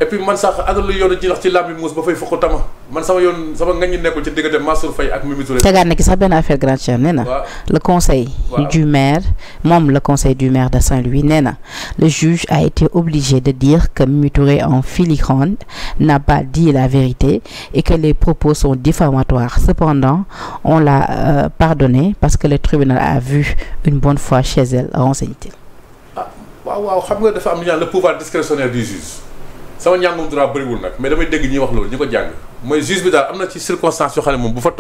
et puis man sax ak lu yoonu ci wax ci làmbi muus ba fay fokk tama man sama yoon sama nga ñu nekkul ci diggante Mansour Faye ak Mimi Touré. tegaat na ki sax benn affaire grande chère nee na. le conseil. du maire moom le conseil du maire de Saint-Louis nee na le juge a été obligé de dire que Mimi Touré en filigrane n'a pas dit la vérité et que les propos sont diffamatoires cependant on l'a euh, pardonné parce que le tribunal a vu une bonne fois chez elle renseigne-t-il. ah waaw waaw xam nga dafa am lu ñuy le pouvoir discrétionnaire du juge. sama njàngum droit bëriwul nag mais damay dégg ñuy wax loolu ñu ko jàng mooy juge bi daal am na ci circonstance yoo xam ne moom bu fa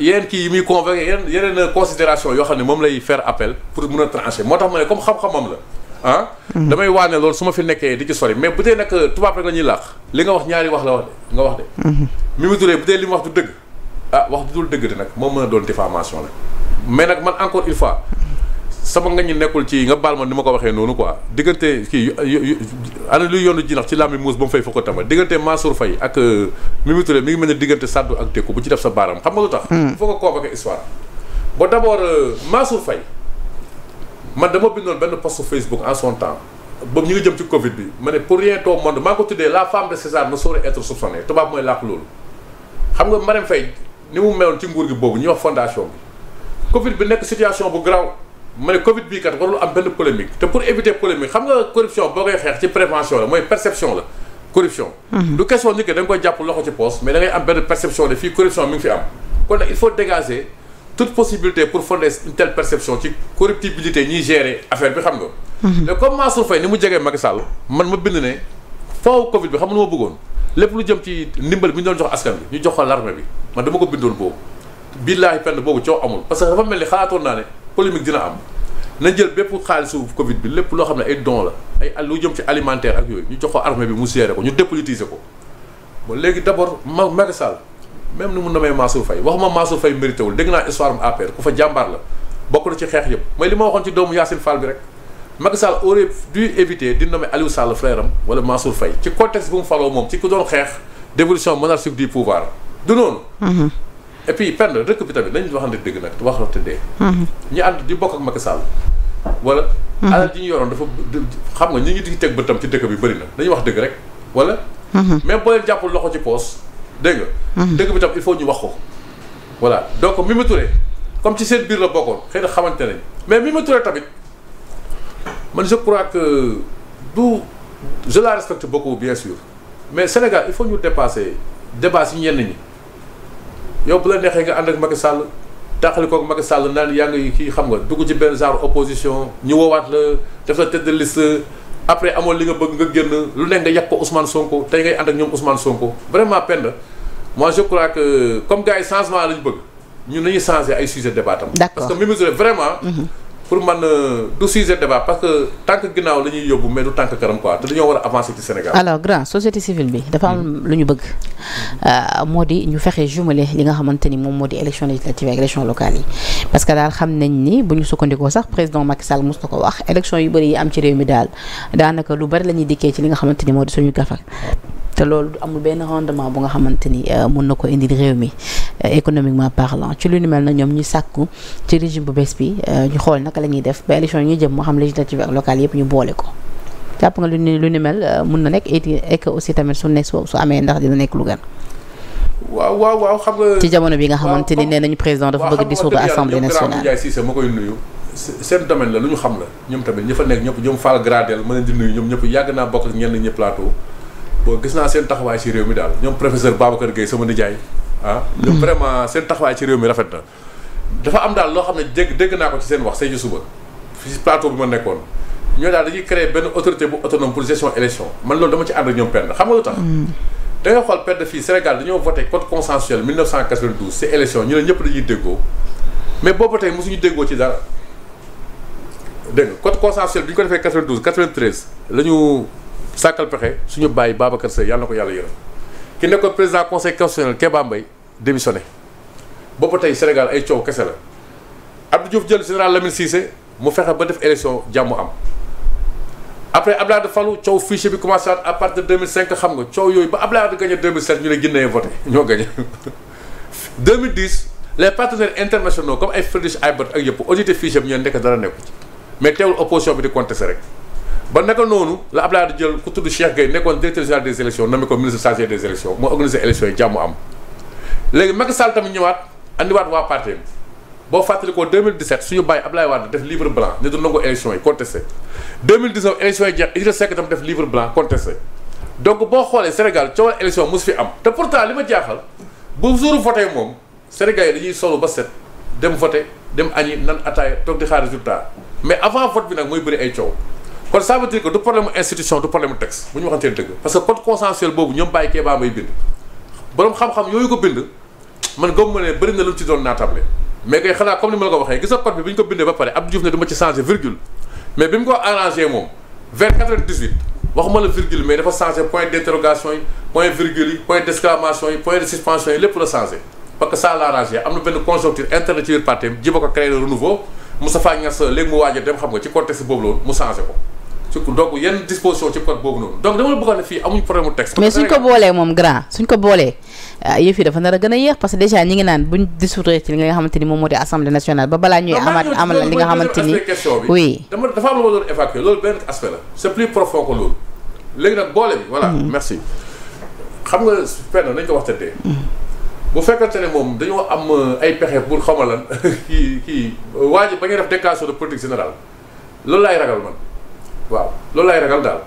yi muy convoqué yeneen considération yoo xam ne moom lay faire appel pour mun a trancher moo tax ma ne comme xam-xamam la ah, mm-hmm. damay waane loolu su ma fi nekkee di ci sori mais bu dee nag euh, tubaab rek la ñuy li nga wax ñaari wax la wax de nga wax de Mimi mm-hmm. Touré bu dee li mu wax du dëgg ah wax bu dul dëgg de nag moo mën a doon diffamation la mais nag man encore une fois sama nga ñu nekkul ci nga baal ma ni ma ko waxee noonu quoi diggante kii ana luy yoonu ji nax ci laami muus ba mu fay fa ko tama diggante Mansour Faye ak euh, Mimi Touré mi ngi mel ne diggante Saddu ak Teku bu ci def sa baaram xam nga lu tax foo ko convoqué histoire ba d' abord euh, Mansour Faye man dama bindoon benn post Facebook en son temps boobu ñu ngi jëm ci Covid bi ma ne pour rien au monde maa ko tuddee la femme de César ne saurait être soupçonnée tubaab mooy làkk loolu xam nga Marème Faye ni mu mewoon ci nguur gi boobu ñuy wax fondation bi Covid bi nekk situation bu garaaw ma ne Covid bii kat warul am benn polémique te pour éviter polémique xam nga corruption boo koy xeex ci prévention la mooy perception la corruption. Mhm. du question nit ki da koy jàpp loxo ci poos mais da am benn perception de fii corruption mi ngi fi am kon nag il faut dégager toute possibilité pour fonder une telle perception ci corruptibilité ñuy gérer affaire bi xam nga. Mhm. mais comme Mansour Faye ni mu jegee Macky Sall man ma bind ne foofu Covid bi xam nga lépp lu jëm ci ndimbal bi ñu doon jox askan bi ñu jox boobu billaahi penn boobu coow que ni xalaatoon naa ne. polémique dina am na jël bépp xaalisu Covid bi lépp loo xam ne ay don la ay lu jëm ci alimentaire ak yooyu ñu jox ko armée bi mu gérer ko ñu dépolitiser ko bon léegi d' abord ma Macky Sall même ni mu namee Mansour Faye waxuma Mansour Faye mérité wul dégg naa histoire am APR ku fa jàmbaar la bokk na ci xeex yëpp mooy li ma waxoon ci doomu Yacine Fall bi rek Macky Sall aurait dû éviter di nommer Aliou Sall frère am wala Mansour Faye ci contexte bu mu faloo moom ci ku doon xeex dévolution monarchique du pouvoir du et puis pend dëkk bi tamit nañu waxante dëgg nag waxante dee. Mhm. ñu ànd di bokk ak Macky Sall wala. Mhm. alal ji ñu yoroon dafa xam nga ñu ngi di teg tam ci dëkk bi bëri na dañuy wax dëgg rek wala. mais mhm. boo leen jàppul loxo ci poos dégg nga. dëkk bi tam il faut ñu wax ko. voilà donc ma Touré comme ci seen biir la bokkoon xëy xamante nañ mais ma Touré tamit man je crois que du je la respecte beaucoup bien sûr mais Sénégal il faut ñu dépasser débat yi ñenn yow bu la neexee nga ànd ak Macky Sall tàqali koog Macky Sall naan yaa ngi kii xam nga dugg ci benn genre opposition ñu woowaat la def la tête de liste après amoon li nga bëgg nga génn lu nekk nga yàq ko Ousmane Sonko tey ngay ànd ak ñoom Ousmane Sonko vraiment Penda moi je crois que comme gars yi changement la ñu bëgg ñun nañu changer ay sujet débat am. parce que Mimi Touré vraiment. Mhm. pour man euh, du sujet débat parce que tànk ginnaaw la yóbbu mais du tànk kanam quoi te dañoo war a avancer ci Sénégal. alors grand société civile bi dafa am mm. lu ñu bëgg euh, moo di ñu fexe jumelé li nga xamante ni moom moo di élection législative ak élection locale yi parce que daal xam nañ ni bu ñu sukkandikoo sax président Macky Sall mos na ko wax élection yu bëri yi am ci réew mi daal daanaka lu bari la ñuy dikkee ci li nga xamante ni moo di suñu gafak te loolu amul benn rendement bu nga xamante ni euh, mun na ko indil réew mi euh, économiquement parlant ci lu ni mel na ñoom ñu sàkku ci régime bu bees bi euh, ñu xool naka la ñuy def ba élection yi ñu jëm moo xam législative ak locale yëpp ñu boole ko jàpp nga lu ni lu ni mel mun na nekk et aussi tamit su ne su amee ndax dina nekk lu gën. waaw waaw waaw xam nga. ci jamono bi nga xamante ni nee nañu président dafa bëgg dissoudre assemblée nationale waaw xam ma koy nuyu. seen domaine la lu ñu xam la ñoom tamit ñi fa nekk ñëpp ñoom Fall Gradel ma leen di nuyu ñoom ñëpp yàgg naa bokk ak ñenn ñi bon gis naa seen taxawaay ci réew mi daal ñoom professeur Babacar Gueye sama nijaay ah. ñoom hmm. vraiment seen taxawaay ci réew mi rafet na. dafa am daal loo xam ne dégg dégg naa ko ci seen wax say ci suba fii ci plateau bi ma nekkoon ñoo daal dañuy créer benn autorité bu autonome pour gestion élection man loolu dama ci ànd ñoom penn xam lu tax. Hmm. da ngay xool penn fii Sénégal dañoo voté code consensuel 1992 ci élection ñu ne ñëpp dañuy déggoo mais boobu tey mosuñu déggoo ci dara dégg nga code consensuel bi ñu ko defee 92 sàkkal pexe suñu bàyyi Babacar Seye yàlla na ko yàlla yërëm ki ko président conseil constitutionnel Kéba Mbaye démissionné booba tey Sénégal ay coow kese la Abdou Diouf jël général Lamine Cissé mu fexe ba def élection jàmm am après Abdoulaye Wade falu coow fichier bi commencé waat à partir de 2005 xam nga coow yooyu ba Abdoulaye Wade gagné 2007 ñu ne Guinée ñoo gagné 2010 les partenaires comme ay Friedrich Ebert ak yëpp audité fichier bi ñu nekk dara nekku ci mais teewul opposition bi di contesté rek. ba naka noonu la Abdoulaye jël ku tudd Cheikh Gueye nekkoon directeur général des élections nommé ko ministre chargé des élections moo organisé élections yi jàmm am léegi Macky Sall tamit ñëwaat indiwaat waa parti boo fàttali ko 2017 suñu bàyyi Abdoulaye Wade def livre blanc ne du nangu de yi contesté 2019 élections yi jeex Idrissa Seck tam def livre blanc contesté donc boo xoolee Sénégal coowal élection mus fi am te pourtant li ma jaaxal bu jour voté moom Sénégal yi dañuy solo ba set dem voté dem añi nan ataaya toog di xaar résultat mais avant bi nag mooy bëri ay coow kon ça veut dire que du problème institution du problème texte bu ñu waxantee dëgg parce que code consensuel boobu ñoom bàyyi kee baa may bind boroom xam-xam yooyu ko bind man gëm ma ne bëri na lu ci doon naatable mais kay xanaa comme ni ma la ko waxee gis nga code bi bi ñu ko bindee ba pare Abdou Diouf ne du ma ci changé virgule mais bi mu ko arrangé moom vers 98 waxuma la virgule mais dafa changé point d' interrogation yi point virgule yi point d' exclamation yi point de suspension yi lépp la changé parce que ça l' arrangé am na benn conjoncture interne ci biir parti ji ba ko créé le renouveau Moustapha Niasse léegi mu waaj a dem xam nga ci contexte boobu la woon mu changé ko surtout donc yenn disposition ci code boobu noonu donc dama bëggoon ne fii amuñ problème mu mais suñ ko boolee moom grand suñ ko boolee ah, yëf dafa nar a gën a yéex parce que déjà ñi ngi naan buñ discuter ci li nga xamante ni moom moo di assemblée nationale ba balaa ñuy amaat amal li nga xamante ni oui. dafa am lu ma loolu benn aspect la c'est boole bi voilà mm-hmm. merci xam nga penn nañ ko waxtaanee. Mm-hmm. bu fekkante ne moom dañoo am euh, ay pexe pour xamal lan kii kii waa ba ngay def déclaration de loolu laay ragal man waaw loolu laay ragal daal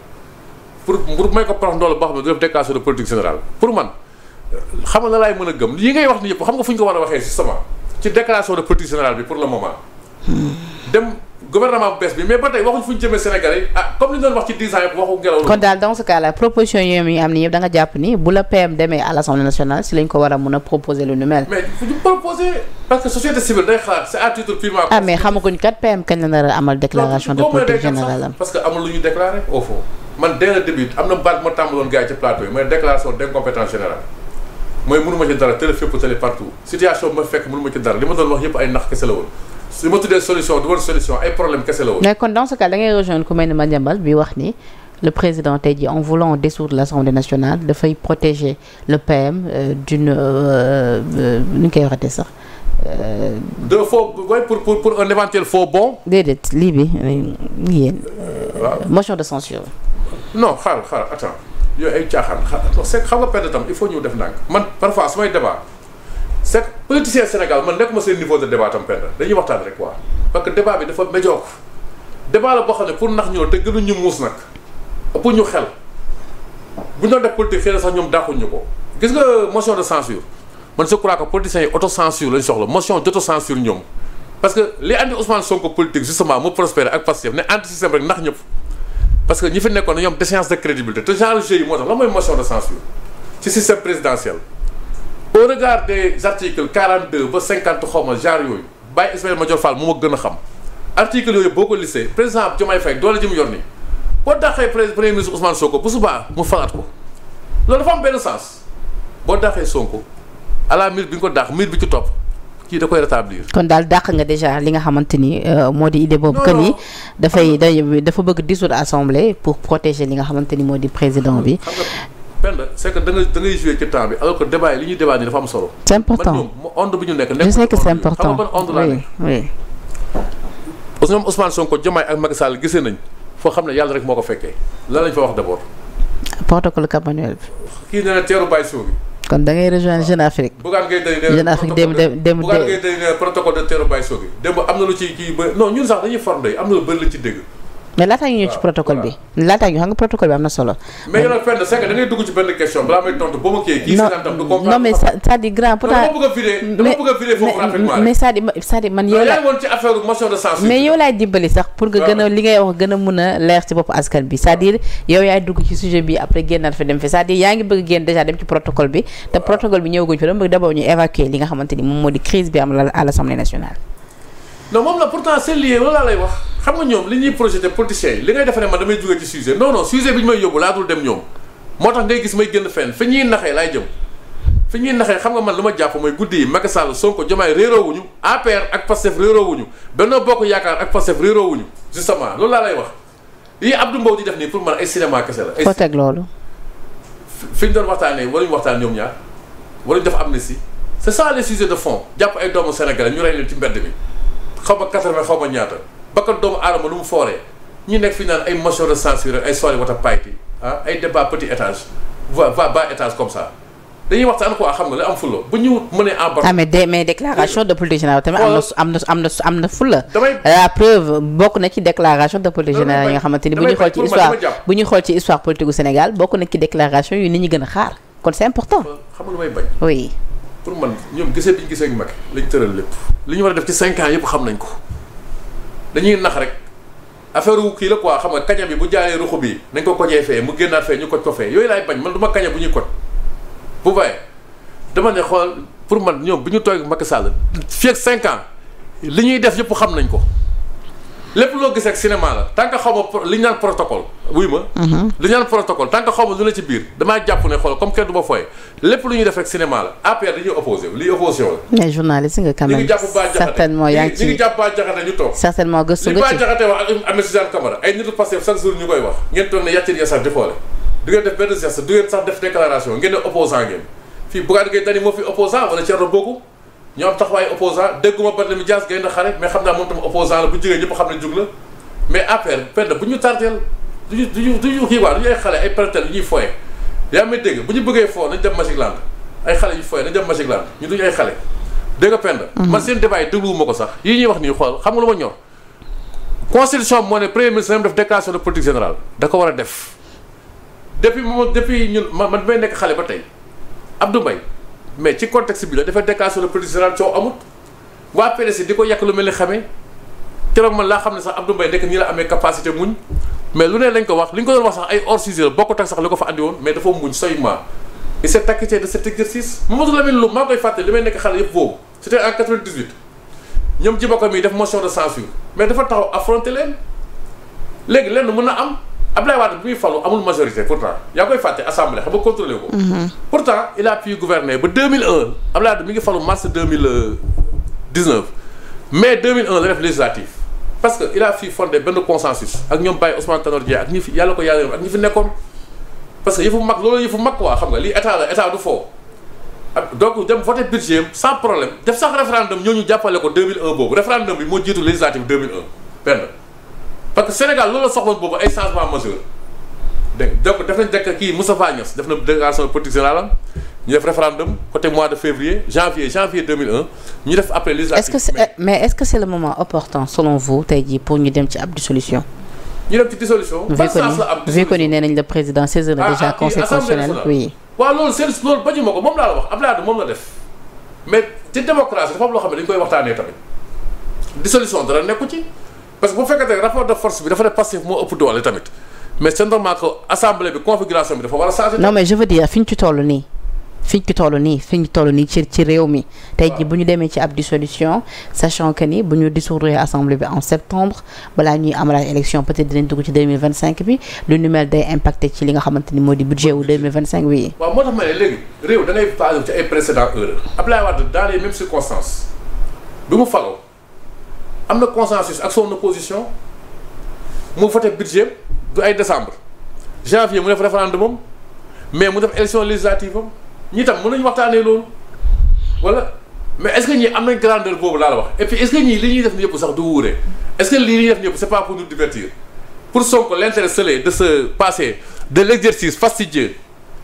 pour pour may ko parox ndool boo xam ne du def déclaration de politique générale pour man xam nga la laay mën a gëm yi ngay wax ni yëpp xam nga fu ñu ko war a waxee justement ci déclaration de politique générale bi pour le moment hmm. dem gouvernement bees bi mais ba tey waxuñ fu ñu jëmee Sénégal yi ah comme li doon wax ci 10 ans yëpp waxu kon daal dans ce cas là proposition yi am ni yëpp da jàpp ni bu la PM demee à l' assemblée nationale si lañ ko war a mun a proposer lu nu mel. mais fu ñu proposer parce que société civile day xalaat c' est à titre purement. ah mais xamaguñ kat PM kañ la amal déclaration de politique générale am. mooy déclaration ci dara télé fépp télé su ma tuddee solution du woon solution ay problème kese la woon. mais kon dans ce cas da ngay rejoindre ku mel ni Madiambal bi wax ni le président tey jii en voulant dissoudre l'Assemblée nationale dafay protéger le PM euh, d'une euh, euh, nu ñu koy waxatee sax. de faux oui pour pour pour un éventuel faux bond. déedéet lii bi yéen. waaw motion de censure. non xaar xaar attends yooyu ay caaxaan xaar xam nga perte tam il faut ñu def ndànk man parfois samay débat. c'est politicien Sénégal man nekkuma seen niveau de débat tam pend dañuy waxtaan rek quoi parce que débat bi dafa médiocre débat la boo xam ne pour nax ñoo te gënuñ ñu muus nag ëpp ñu xel bu ñu doon def politique sax ñoom dàquñ ko gis nga motion de censure man je crois que politiciens yi autocensure lañ soxla motion d'autocensure ñoom parce que li andi Ousmane Sonko politique justement mu prospérer ak Pastef ne anti système rek nax ñëpp parce que ñi au regard des articles 42 ba 50 xaw ma genre yooyu bàyyi Ismaïla Madior Fall moo ma gën a xam article yooyu boo ko lisee président Diomaye Faye doole ji mu yor nii boo daxee premier ministre Ousmane Sonko bu subaa mu falaat ko loolu dafa am benn sens boo daxee Sonko à la bi nga ko daax mur bi ci topp kii da koy rétablir. kon daal dàq nga déjà li nga xamante ni euh, moo di idée boobu. que ni dafay dafa bëgg dissoudre assemblée pour protéger li nga xamante ni moo di président bi. Penda c' est que da ci temps bi am man ñoom onde bi ñu nekk. nekk je sais foo xam ne yàlla rek moo ko fekkee lan lañ wax d' abord. protocole na teeru bàyyi suuf bi. kon da ngay rejoindre Jeune Afrique. bugaan ngay day nee Jeune Afrique dem dem de teeru bàyyi suuf bi. démb am lu ci kii ba non ñun sax dañuy formé am na lu bëri la ci dégg mais laataa ñu ci protocole bi. laataa ñu xam nga protocole na solo. mais yow nag fenn c'est que da ngay dugg ci benn question balaa a vidé a dimbali sax pour que gën a li ngay wax gën a mun a leer ci bopp askan bi c'est-à-dire yow yaay dugg ci sujet bi après génnaat fa dem fa cest à yaa ngi bëgg génn déjà dem ci protocole bi te protocole bi ñëwaguñ fa dama bëgg d'abord ñu évacuer li nga xamante ni moom moo di crise bi am la à l'Assemblée nationale non moom la pourtant c'est lié loolu laa lay wax xam nga ñoom li ñuy projeté politiciens yi li ngay defe ne man damay jóge ci sujet non non bi ñu may yóbbu laa dul dem ñoom moo tax ngay gis may génn fenn fi ñuy naxee laay jëm fi ñuy naxee xam nga man lu ma jàpp mooy guddi yi Macky Sall Sonko Diomaye réeroowuñu APR ak Pastef réeroowuñu Benno Bokk Yaakaar ak Pastef réeroowuñu justement loolu laa lay wax lii Abdou Mbow di def nii pour man ay cinéma kese la. foo teg loolu. fi ñu doon waxtaanee waruñu waxtaan ñoom ñaar waruñu def amnistie c'est ça les de fond jàpp ay doomu Sénégalais ñu rey leen ci mbedd mi xaw ma quatre-vingt xaw ma ñaata bakkan doomu aadama lu mu fooree ñi nekk fi naan ay motion de censure ay soirée wata payti ah ay débat petit étage va va étage comme ça dañuy waxtaan quoi xam nga bu ñu mënee en bas. ah mais de mais déclaration de politique générale tamit am na am na am na fulla. la preuve bokk na ci déclaration de politique générale yi nga xamante ni bu ñu xool ci histoire bu ñu xool ci histoire politique Sénégal bokk na ci déclaration yu nit ñi gën pour man ñoom gisee bi ñu gisee ak Macky lañ tëral lépp li ñu war a def ci cinq ans yëpp xam nañ ko dañuy nax rek affaire wu kii la quoi xam nga kaña bi bu jaayee ruxu bi nañ ko kojee fee mu génnaat fee ñu koj ko fee yooyu laay bañ man du ma kaña bu ñuy koj bu bàyyee dama ne xool pour man ñoom bi ñu toog Macky Sall fii ak cinq li ñuy def yëpp xam nañ ko lépp loo gis ak cinéma la tant xaw ma li ñu naan wuy ma. li ñu naan protocole xaw ma mhm. lu ne ci biir damaa jàpp ne xool comme kenn du fooye lépp lu ñuy def ak la APR dañuy ñu ngi jàpp Bah Diakhaté ñu koy wax. ngeen toog ne yàccin ya sax di foole du ngeen def benn geste du ngeen sax def déclaration ngeen ne opposant ngeen fii Bougane Gueye Dany moo fi opposant wala Thierno Bocoum ñoo am taxawaayu opposant dégguma Barthélémy Dias gaynde xare mais xam naa moom tam opposant la bu jógee ñëpp xam ne jóg la mais APR perd bu ñu tardeel duñu duñu duñu ñuy fooye yaa may dégg bu ñu bëggee foo nañ dem Magic Land ay yu fooye nañ dem Magic Land ñu duñu ay xale dégg nga pend mhm. man seen débat yi dégluwuma ko sax yii ñuy wax nii xool xam nga lu ma ñor constitution moo ne premier ministre def déclaration de politique da ko war a def depuis moom depuis ñun ma man may nekk xale ba tey Abdou bay mais ci contexte bi la dafa déclaration le politique générale coow amut waa PDS di ko yàq lu mel ni xamee keroog man laa xam ne sax Abdou Mbaye nekk nii la amee capacité muñ mais lu ne lañ ko wax li ñu ko doon wax sax ay hors sujet la bokkut ak sax li ko fa andi woon mais dafa muñ seulement il s'est acquitté de cet exercice Mamadou Lamine Loum maa koy fàtte li may nekk xale yëpp boobu c'était en 98 ñoom Djibo Ka mi def motion de censure mais dafa taxaw affronter leen léegi lenn mën na am Abdoulaye Wade bi muy falu amul majorité pourtant yaa koy fàtte assemblée xam nga contrôlé ko. Mhm. pourtant il a pu gouverner ba 2001 Abdoulaye Wade mi ngi falu mars 2019 mai 2001 la def législatif parce que il a fi fondé benn consensus ak ñoom Baye Ousmane Tanor Dieng ak ñi fi yàlla ko yàlla ak ñi fi nekkoon parce que yëfu mag loolu yëfu mag quoi xam nga lii état la état du foo donc dem voté budget sans problème def ñoo ñu jàppale ko 2001 boobu référendum bi moo parce que Sénégal loolu la soxla boobu ay changement majeur dégg donc def nañ dekk kii Moustapha Niass def na déclaration politique générale ñu def référendum côté mois de février janvier janvier 2001 ñu def après est-ce est, mais est moment opportun selon vous tey jii pour ñu dem ci ab dissolution ñu dem ci dissolution vu que nee nañ le président saisir na ah, déjà ah, conseil constitutionnel oui loolu seen loolu bañu ko moom laa la wax Abdoulaye Wade loo xam ne dañu koy waxtaanee tamit dissolution dara nekku ci parce que bu fekkee rapport de force bi dafa ne passif moo ëpp doole tamit mais c'est normal que assemblée bi configuration bi dafa war a changer. non mais je veux dire fi ci toll nii. fi ñu toll nii ci réew mi. tey jii bu ñu demee ci ab dissolution sachant que ni bu ñu dissoudre assemblée bi en septembre balaa ñuy amal ay élection peut dinañ dugg ci deux mille vingt cinq bi lu nu day impacté ci li nga xamante moo di budget wu deux mille am na consensus ak son opposition mu voté budget du ay décembre janvier mu def référendum mais mu def élection législative am ñi tam mën nañu waxtaanee loolu wala mais est-ce que ñii am nañ grandeur boobu laa la wax et est li ñuy def yëpp sax du wuure est-ce que lii ñuy def yëpp c'est pas pour nous divertir pour Sonko l'intérêt seul est de se passer de l'exercice fastidieux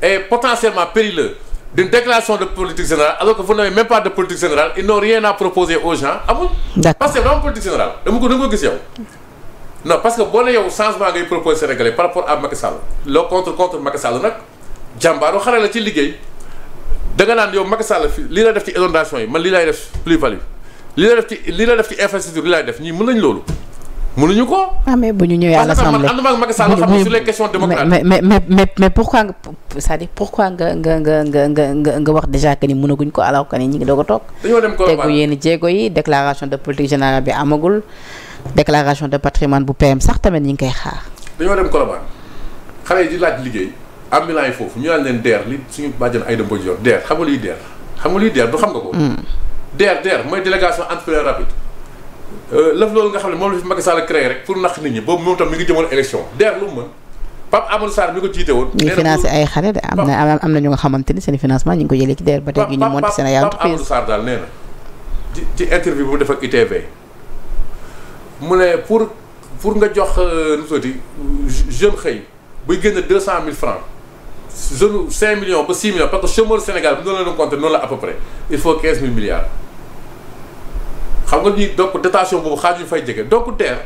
et potentiellement périlleux d'une déclaration de politique générale alors que vous n'avez même pas de politique générale ils n'ont rien à proposer aux gens amul. Ah parce que dama politique générale dama ko dama ko gis yow. non parce que boo ne yow changement ngay proposer Sénégalais par rapport à Macky Sall loo contre contre Macky Sall nag jàmbaaru xare la ci liggéey da naan yow Macky Sall li la def ci inondation yi man lii def plus value la def ci lii la def ci infrastructure def ñii mën nañ loolu. mënuñu ko. ah mais bu ñu ñëwee à l'Assemblée parce que man ànd Macky Sall xam ne mais mais mais pourquoi nga à dire pourquoi nga nga nga nga nga nga wax déjà que ni mënaguñ ko alors que ni ñu ngi doog toog. dañoo dem Colobane tegu de politique générale patrimoine bu PM sax tamit ñu ngi koy xaar. dañoo dem Colobane xale yi di laaj liggéey ambulant yi foofu ñu naan leen DER li suñu bàjjen ay dem ba ñu yor DER xam nga du xam nga ko. Hmm. DER DER mooy délégation entrepreneur rapide. Euh, lëf loolu nga xam ne moom la fi Macky Sall créé rek pour nax nit ñi boobu moom tam mi ngi jëmoon élection DER lu mu mën Pape Amadou Sarr mi ko jiite woon. ñu ngi financé ay xale de am na am na ñu nga xamante ni seen financement ñu ngi ko jëlee ci DER ba tey gi ñu monté Sénégal Pape daal nee ci interview bu mu def ak ITV mu ne pour pour nga jox euh, nu tuuti jeune xëy buy génn deux cent mille francs jeune cinq millions ba six millions parce que chômeur Sénégal bu ñu la doon compter noonu la xam nga ni donc dotation boobu xaaju ñu fay jege donc DER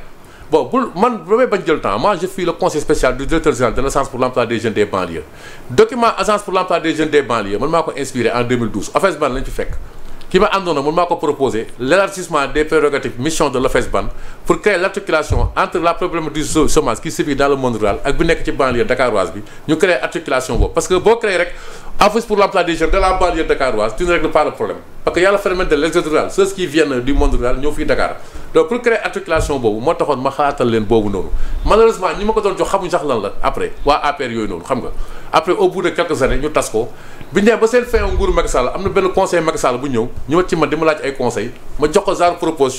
bon bul man damay bañ jël temps moi je suis le conseil spécial du directeur général de l'agence pour l'emploi des jeunes des banlieues document agence pour l'emploi des jeunes des banlieues man maa ko inspiré en 2012 OFEJBAN lañ ci fekk ki ma àndoon nag maa ko proposé l'élargissement des prérogatives mission de l'OFEJBAN pour créer l'articulation entre la problématique du chômage qui sévit dans le monde en plus pour l'emploi des jeunes de la banlieue dakaroise tu ne règles pas le problème parce que y a le phénomène de l'exode rural ceux qui du monde rural ñëw fii Dakar donc pour créer articulation boobu moo taxoon ma xalaatal leen boobu noonu malheureusement ñi ma ko doon jox xamuñ sax la après waa APR yooyu noonu xam nga après au de quelques années ñu tas ko bi ba seen fin nguuru Macky Sall am na benn conseil Macky bu ñëw ay conseil ma jox ko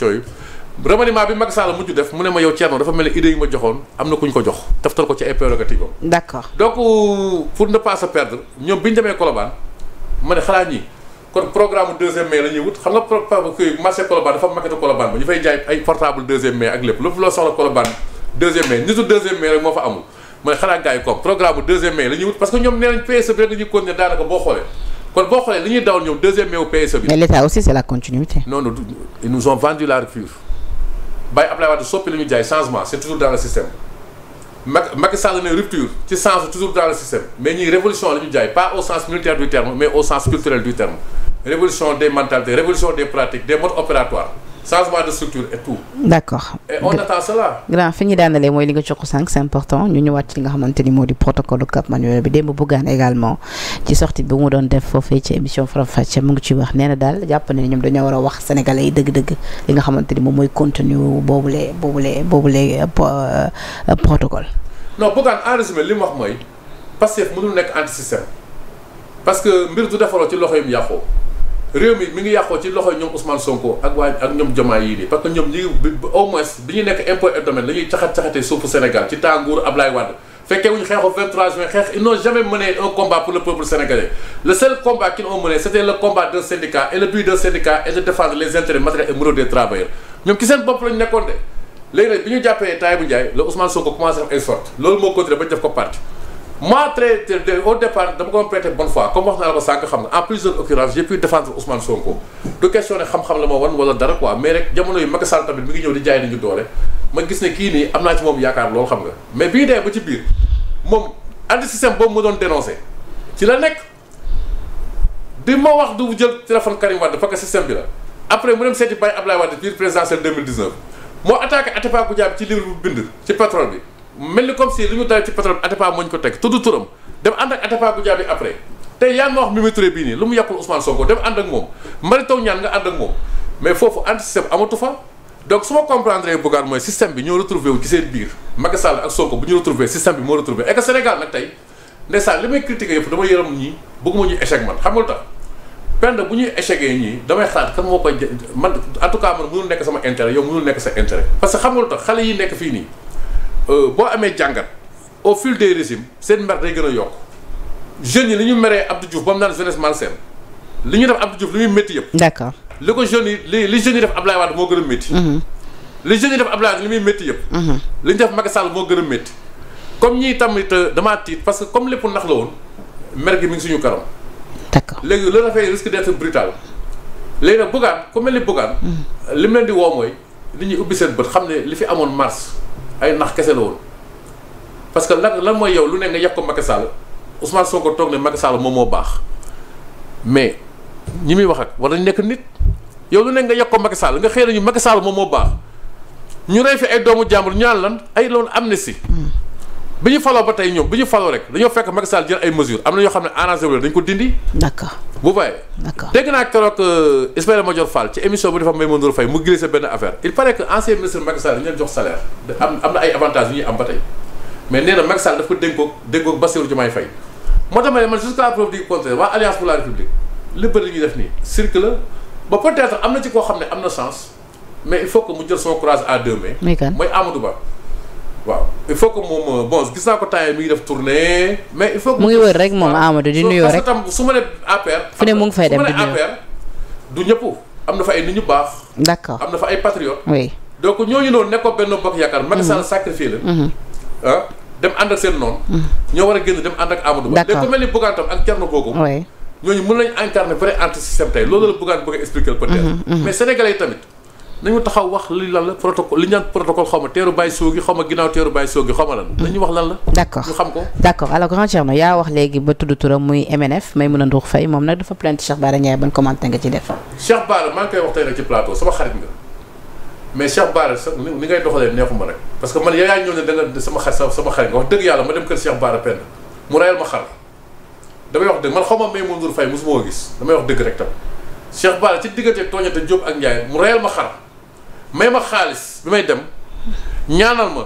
remaniement bi Macky Sall mujj def mu ne ma yow Thierno dafa mel ni idée yi ma joxoon am na ku ñu ko jox taftal ko ci ay prérogatives am. d'accord donc euh, pour ne pas se perdre ñoom bi ñu demee Colobane ma ne xalaat ñi kon programme deuxième mai wut xam nga programme kii marché wut parce que ñoom nee nañ PSE bi rek dañuy ñuy dawal ñoom deuxième bàyyi Abdoulaye Wade soppi la ñu jaay changement c' est toujours dans le système Macky Sall ne rupture ci sens toujours dans le système mais ñii révolution la ñu pas au sens militaire du terme mais au sens culturel du terme révolution des mentalités révolution des pratiques des modes opératoires changement de structure et tout. d'accord fi ñu daanalee mooy li nga jox ko sànq c'est important ñu ñëwaat ci li nga xamante ni moo di protocole Cap Manuel bi démb Bougane également ci sortie bi mu doon def foofee ci émission Faram Facce mu ngi ciy wax nee na daal jàpp ne ñoom dañoo war a wax sénégalais yi dëgg-dëgg li nga xamante mooy contenu boobule boobule boobule euh, protocole. non Bougane en résumé li wax mooy Pastef mënul nekk anti système parce que mbir du defaroo réew mi mi ngi yàqoo ci loxoy ñoom Ousmane Sonko ak waa ak ñoom Diomaye yii nii parce que ñoom ñi au moins bi ñu nekk impôt et domaine la ñuy caxat-caxatee suufu Sénégal ci tàngoor Ablaye Wade fekkee wuñ xeexu 23 juin xeex ils n'ont jamais mené un combat pour le peuple sénégalais le seul combat qu'ils ont mené c'était le combat d'un syndicat et le but de défendre et moraux des travailleurs ñoom ki seen de léegi nag moi très au départ dama ko prêter bonne foi comme wax naa la ko sànq xam na en plusieurs occurrences j'ai pu défendre Ousmane Sonko du question ne xam-xam la ma wan wala dara quoi mais rek jamono yi Macky Sall tamit ngi ñëw di jaay nañu doole ma gis ne kii nii am naa ci moom yaakaar loolu xam nga mais bii dee ba ci biir moom anti système boobu ma doon dénoncé ci la nekk di ma wax du jël téléphone Karim Wade parce que système bi la après mu dem seeti Baye Ablaye ci livre bu ci pétrole bi mel ni comme si li ñu dal ci pétrole bi Atepa ko teg tudd turam dem ànd ak Atepa bu jaabi après tey yaa ngi wax Mimi Touré bii nii lu mu yàqul Ousmane Sonko dem ànd ak moom Mary Teuw Niane nga ànd ak moom mais foofu antisystème amatu fa donc su ma comprendre Bougane mooy système bi ñoo retrouvé wu ci seen biir Macky Sall ak Sonko bu ñu retrouvé système bi moo retrouvé et que Sénégal nag tey ndeysaan li may critiqué yëpp dama yërëm ñii bëgguma ñuy échec xam nga lu tax pend bu ñuy échecgee ñii damay xalaat kan que xam nga lu nekk fii nii Euh, boo amee jàngat au fil des régimes seen mer day gën a yokk jeunes yi li ñu meree Abdou Diouf ba mu naan jeunesse malsaine li ñu def Abdou Diouf li muy métti yëpp. d'accord li ko jeunes yi li li jeunes yi def Abdoulaye Wade moo gën a métti. Mm-hmm. li jeunes yi def Abdoulaye Wade li muy métti yëpp. Mm-hmm. li ñu def Macky Sall moo gën a métti. comme ñii tamit euh, damaa tiit parce que comme lépp nax la woon mer gi mi ngi suñu karam. d'accord léegi le rafet risque d'être brutal. léegi nag ku mel mm-hmm. li mu leen li ñuy ubbi seen xam ne li fi amoon mars. ay nax kese la woon parce que lan lan mooy yow lu nekk nga yàq ko Macky Sall Ousmane Sonko toog ne Macky Sall moom moo baax mais ñi muy wax ak war nañ nekk nit yow lu ne nga yàq ko Macky Sall nga xëy na ñu Macky Sall moom moo baax ñu rey fi ay doomu jàmbur ñaan lan ay loolu si bi ñu faloo ba tey ñoom bi ñu faloo rek dañoo fekk Macky Sall jël ay mesures am na yoo xam ne arrangé wu dañ ko dindi. d'accord vous voyez. dégg naa keroog euh, Ismaïla Madior Fall ci émission bu dafa may Mamadou Faye mu glissé benn affaire il paraît que ancien ministre Macky Sall am mais nee ko dénkoog dénkoog Bassirou Diomaye Faye moo tax ma ne man jusqu'à la preuve du contraire waa Alliance pour la République li bëri def nii cirque la ba peut-être am na ci koo xam ne am na chance mais il faut que mu jël son courage à deux mains. muy Ba. waaw il faut que moom euh, bon gis naa ko temps mi def tournée. mais il faut que mu ngi wër rek moom Amadou di nuyoo rek tam su ma ne APR. fu ne mu ngi fay dem di ñëw su ma ne ñëpp am na fa ay nit ñu am na fa ay patriotes. oui donc ñooñu noonu nekkoon benn bokk yaakaar. Macky mhm. Sall la. Mhm. Ah, dem ànd ak seen noonu. Mhm. ñoo war a génn dem ànd ak Amadou Ba. d' accord léegi mel ni Bougane tam ak Thierno Bocoum. oui ñooñu mën nañu incarner vrai anti système tey loolu la Bougane bëgg a expliquer peut nañu taxaw wax li lan la protocole li ñu naan protocole teeru bàyyi soo gi xaw ginnaaw teeru bàyyi soo gi xaw lan. Mm. nañu wax lan la. d' accord ñu xam ko. d' accord alors grand yaa wax léegi ba tudd turam muy MNF Maimouna Ndour Faye moom nag dafa que ma dem kër Cheikh Bara mu rayal ma xar damay wax dëgg man ko gis damay wax dëgg rek tam Cheikh Bara ci diggante tooñante Diop ak Ndiaye mu rayal ma xar may ma xaalis bi may dem ñaanal ma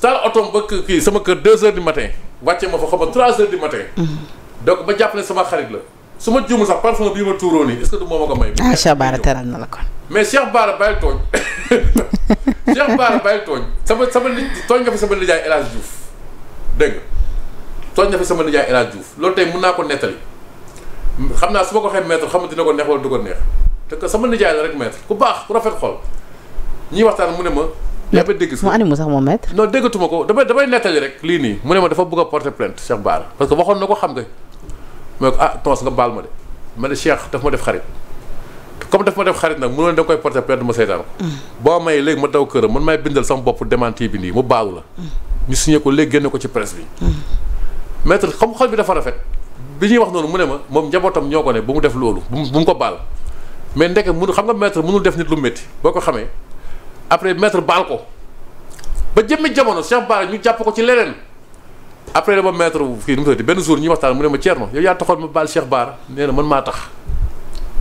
taal otoom ba kii sama kër deux heures di matin wàcce ma fa xam ma trois heures du matin mm-hmm. donc ba jàpp ne sama xarit la su ma juumul sax parfum bii ma tuuroo nii est-ce que du moo ma ko may ah Cheikh na la mais Cheikh Bara bàyyi tooñ Cheikh sama sama nit tooñ nga sama nijaay El Hadj Diouf dégg sama nijaay El loolu tey mun naa ko nettali xam naa su ma ko xee maître xam ne dina ko neex wala du ko neex te que sama nijaay la rek maître ku baax ku rafet xol ñuy waxtaan mu ne ma. dafa dégg si mu animu sax moom maître. noo déggatuma ko damay damay nettali rek lii nii mu ne ma dafa bëgg a porter plainte Cheikh Bara parce que waxoon na ko xam nga mooy ko ah tons nga baal ma de ma ne Cheikh daf ma def xarit comme daf ma def xarit nag mënoon da nga koy porter plainte ma saytaan mm. boo may léegi ma daw këram man may bindal sama bopp démenti bi nii mu baalu la. Mm. ñu signé ko léegi génne ko ci presse bi. Mm. maître xam xol bi dafa rafet. bi ñuy wax noonu mu ne ma moom njabootam ñoo ko ne bu mu def loolu bu mu ko baal mais mu mënu xam nga maître mënul def nit lu métti boo ko xamee après maître baal ko ba jëmmi jamono Cheikh Bara ñu jàpp ko ci leneen après dama maître kii nu mu tëddee benn jour ñuy waxtaan mu ne ma Thierno yow yaa taxoon ma baal Cheikh baar nee na man maa tax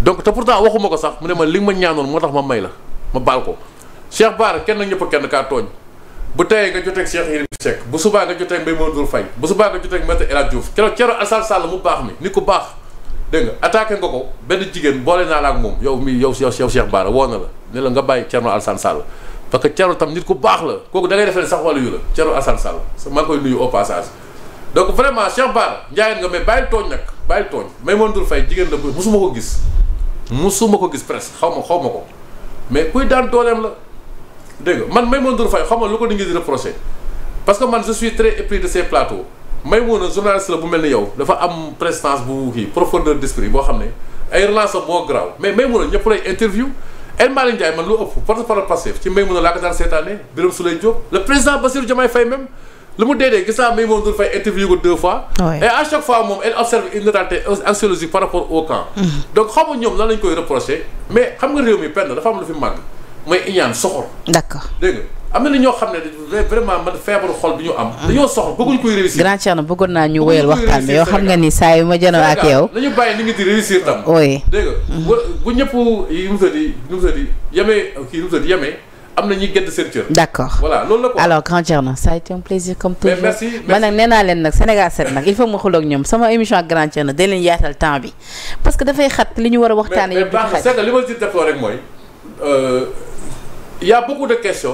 donc te pourtant waxuma ko sax mu ne ma li ma ñaanoon moo tax ma may la ma baal ko Cheikh baar kenn ñëpp kenn kaa tooñ bu tey nga joteeg Cheikh Yérim Seck bu subaa nga joteeg Mbaye Modou Faye bu subaa nga joteeg maître El Hadj Diouf keroog Thierno mu baax mi ni ku baax. dégg nga attaqué nga ko benn jigéen boole naa la ak moom yow mii yow yow Cheikh Bara woo na la ne la nga bàyyi Thierno Alassane Sall parce que Thierno tam nit ku baax la kooku da ngay defee sax wala yu la Thierno Alassane Sall maa ngi koy nuyu au passage donc vraiment Cheikh Bara njaayeen nga mais bàyyil tooñ nag bàyyil tooñ may moon dul fay jigéen la musuma ko gis musuma ko gis presque xaw ma xaw ma ko mais kuy daan dooleem la dégg nga man may moon dul fay xaw ma lu ko di ngi di reproché parce que man je suis très épris de ces plateaux Maimouna journaliste la bu mel ni yow dafa am prestance bu kii profondeur d'esprit boo xam ne ay relance moo garaaw mais Maimouna ñëpp lay interview El Malick man lu ëpp porte-parole Pastef ci Maimouna laa ko daan seetaane Birame Souleye Diop le président Bassirou Diomaye Faye même lu mu dee dee gis naa Maimouna Ndour Faye interview ko deux fois à chaque fois moom elle observe une réalité axiologique par rapport au camp mm-hmm. donc xam nga ñoom lan lañ koy reprocher mais xam nga réew mi penn dafa am lu am na ñoo xam ne vraiment man feebaru xol bi ñu am. Ah. dañoo soxla bëgguñ koy réussir. grand Thierno bëggoon naa ñu wéyal waxtaan bi yow xam nga ni saa yu ma jënoo ak yow. dañu bàyyi mm-hmm. bu ñëpp yi mu kii nu mu am na ñuy gëdd seen cër. d' accord voilà na la ko. alors grand Thierno ça plaisir comme toujours. man nag nee naa leen nag Sénégal set nag il faut ma xuloog ñoom sama émission ak grand Thierno day leen yaatal temps bi parce que dafay xat li ñu war a waxtaanee. yëpp du xat mais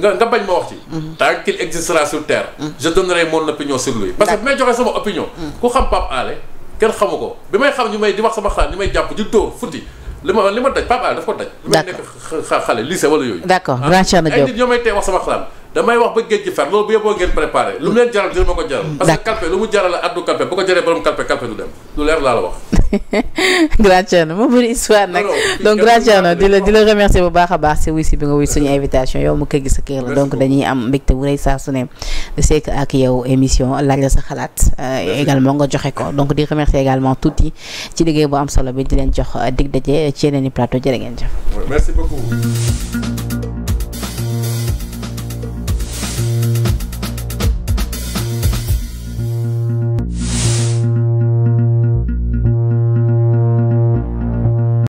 nga nga bañ ma wax ci. Mhm. tant qu'il existera sur terre. Mhm. je donnerai mon opinion sur lui. parce que bi may joxe sama opinion. Mhm. ku xam Pape kenn xamu ko bi may xam ñu may di wax sama xalaat ñu may jàpp di dóor futti li ma li ma daj Pape daf ko daj. d' accord li may nekk xale lycée wala yooyu. d' accord ah, ay nit ñoo may tey wax sama xalaat. damay wax ba géej gi fer loolu bu yeboo ngeen préparé lu mu leen jaral dina ma ko jaral parce que kalpe lu mu jarale addu kalpe bu ko jaree borom kalpe kalpe du dem lu leer laa la wax Grand Thierno mu bëri histoire nag donc Grand Thierno di la di la remercier bu baax a baax si wuy si bi nga wuy suñu invitation yow mu kër gi sa kër la donc dañuy am mbégte wu rëy saa su ne seek ak yow émission laaj la sa xalaat euh, également nga joxe ko donc di remercier également tuuti ci liggéey bu am solo bi di leen jox euh, dig daje ci yeneen i plateau jërë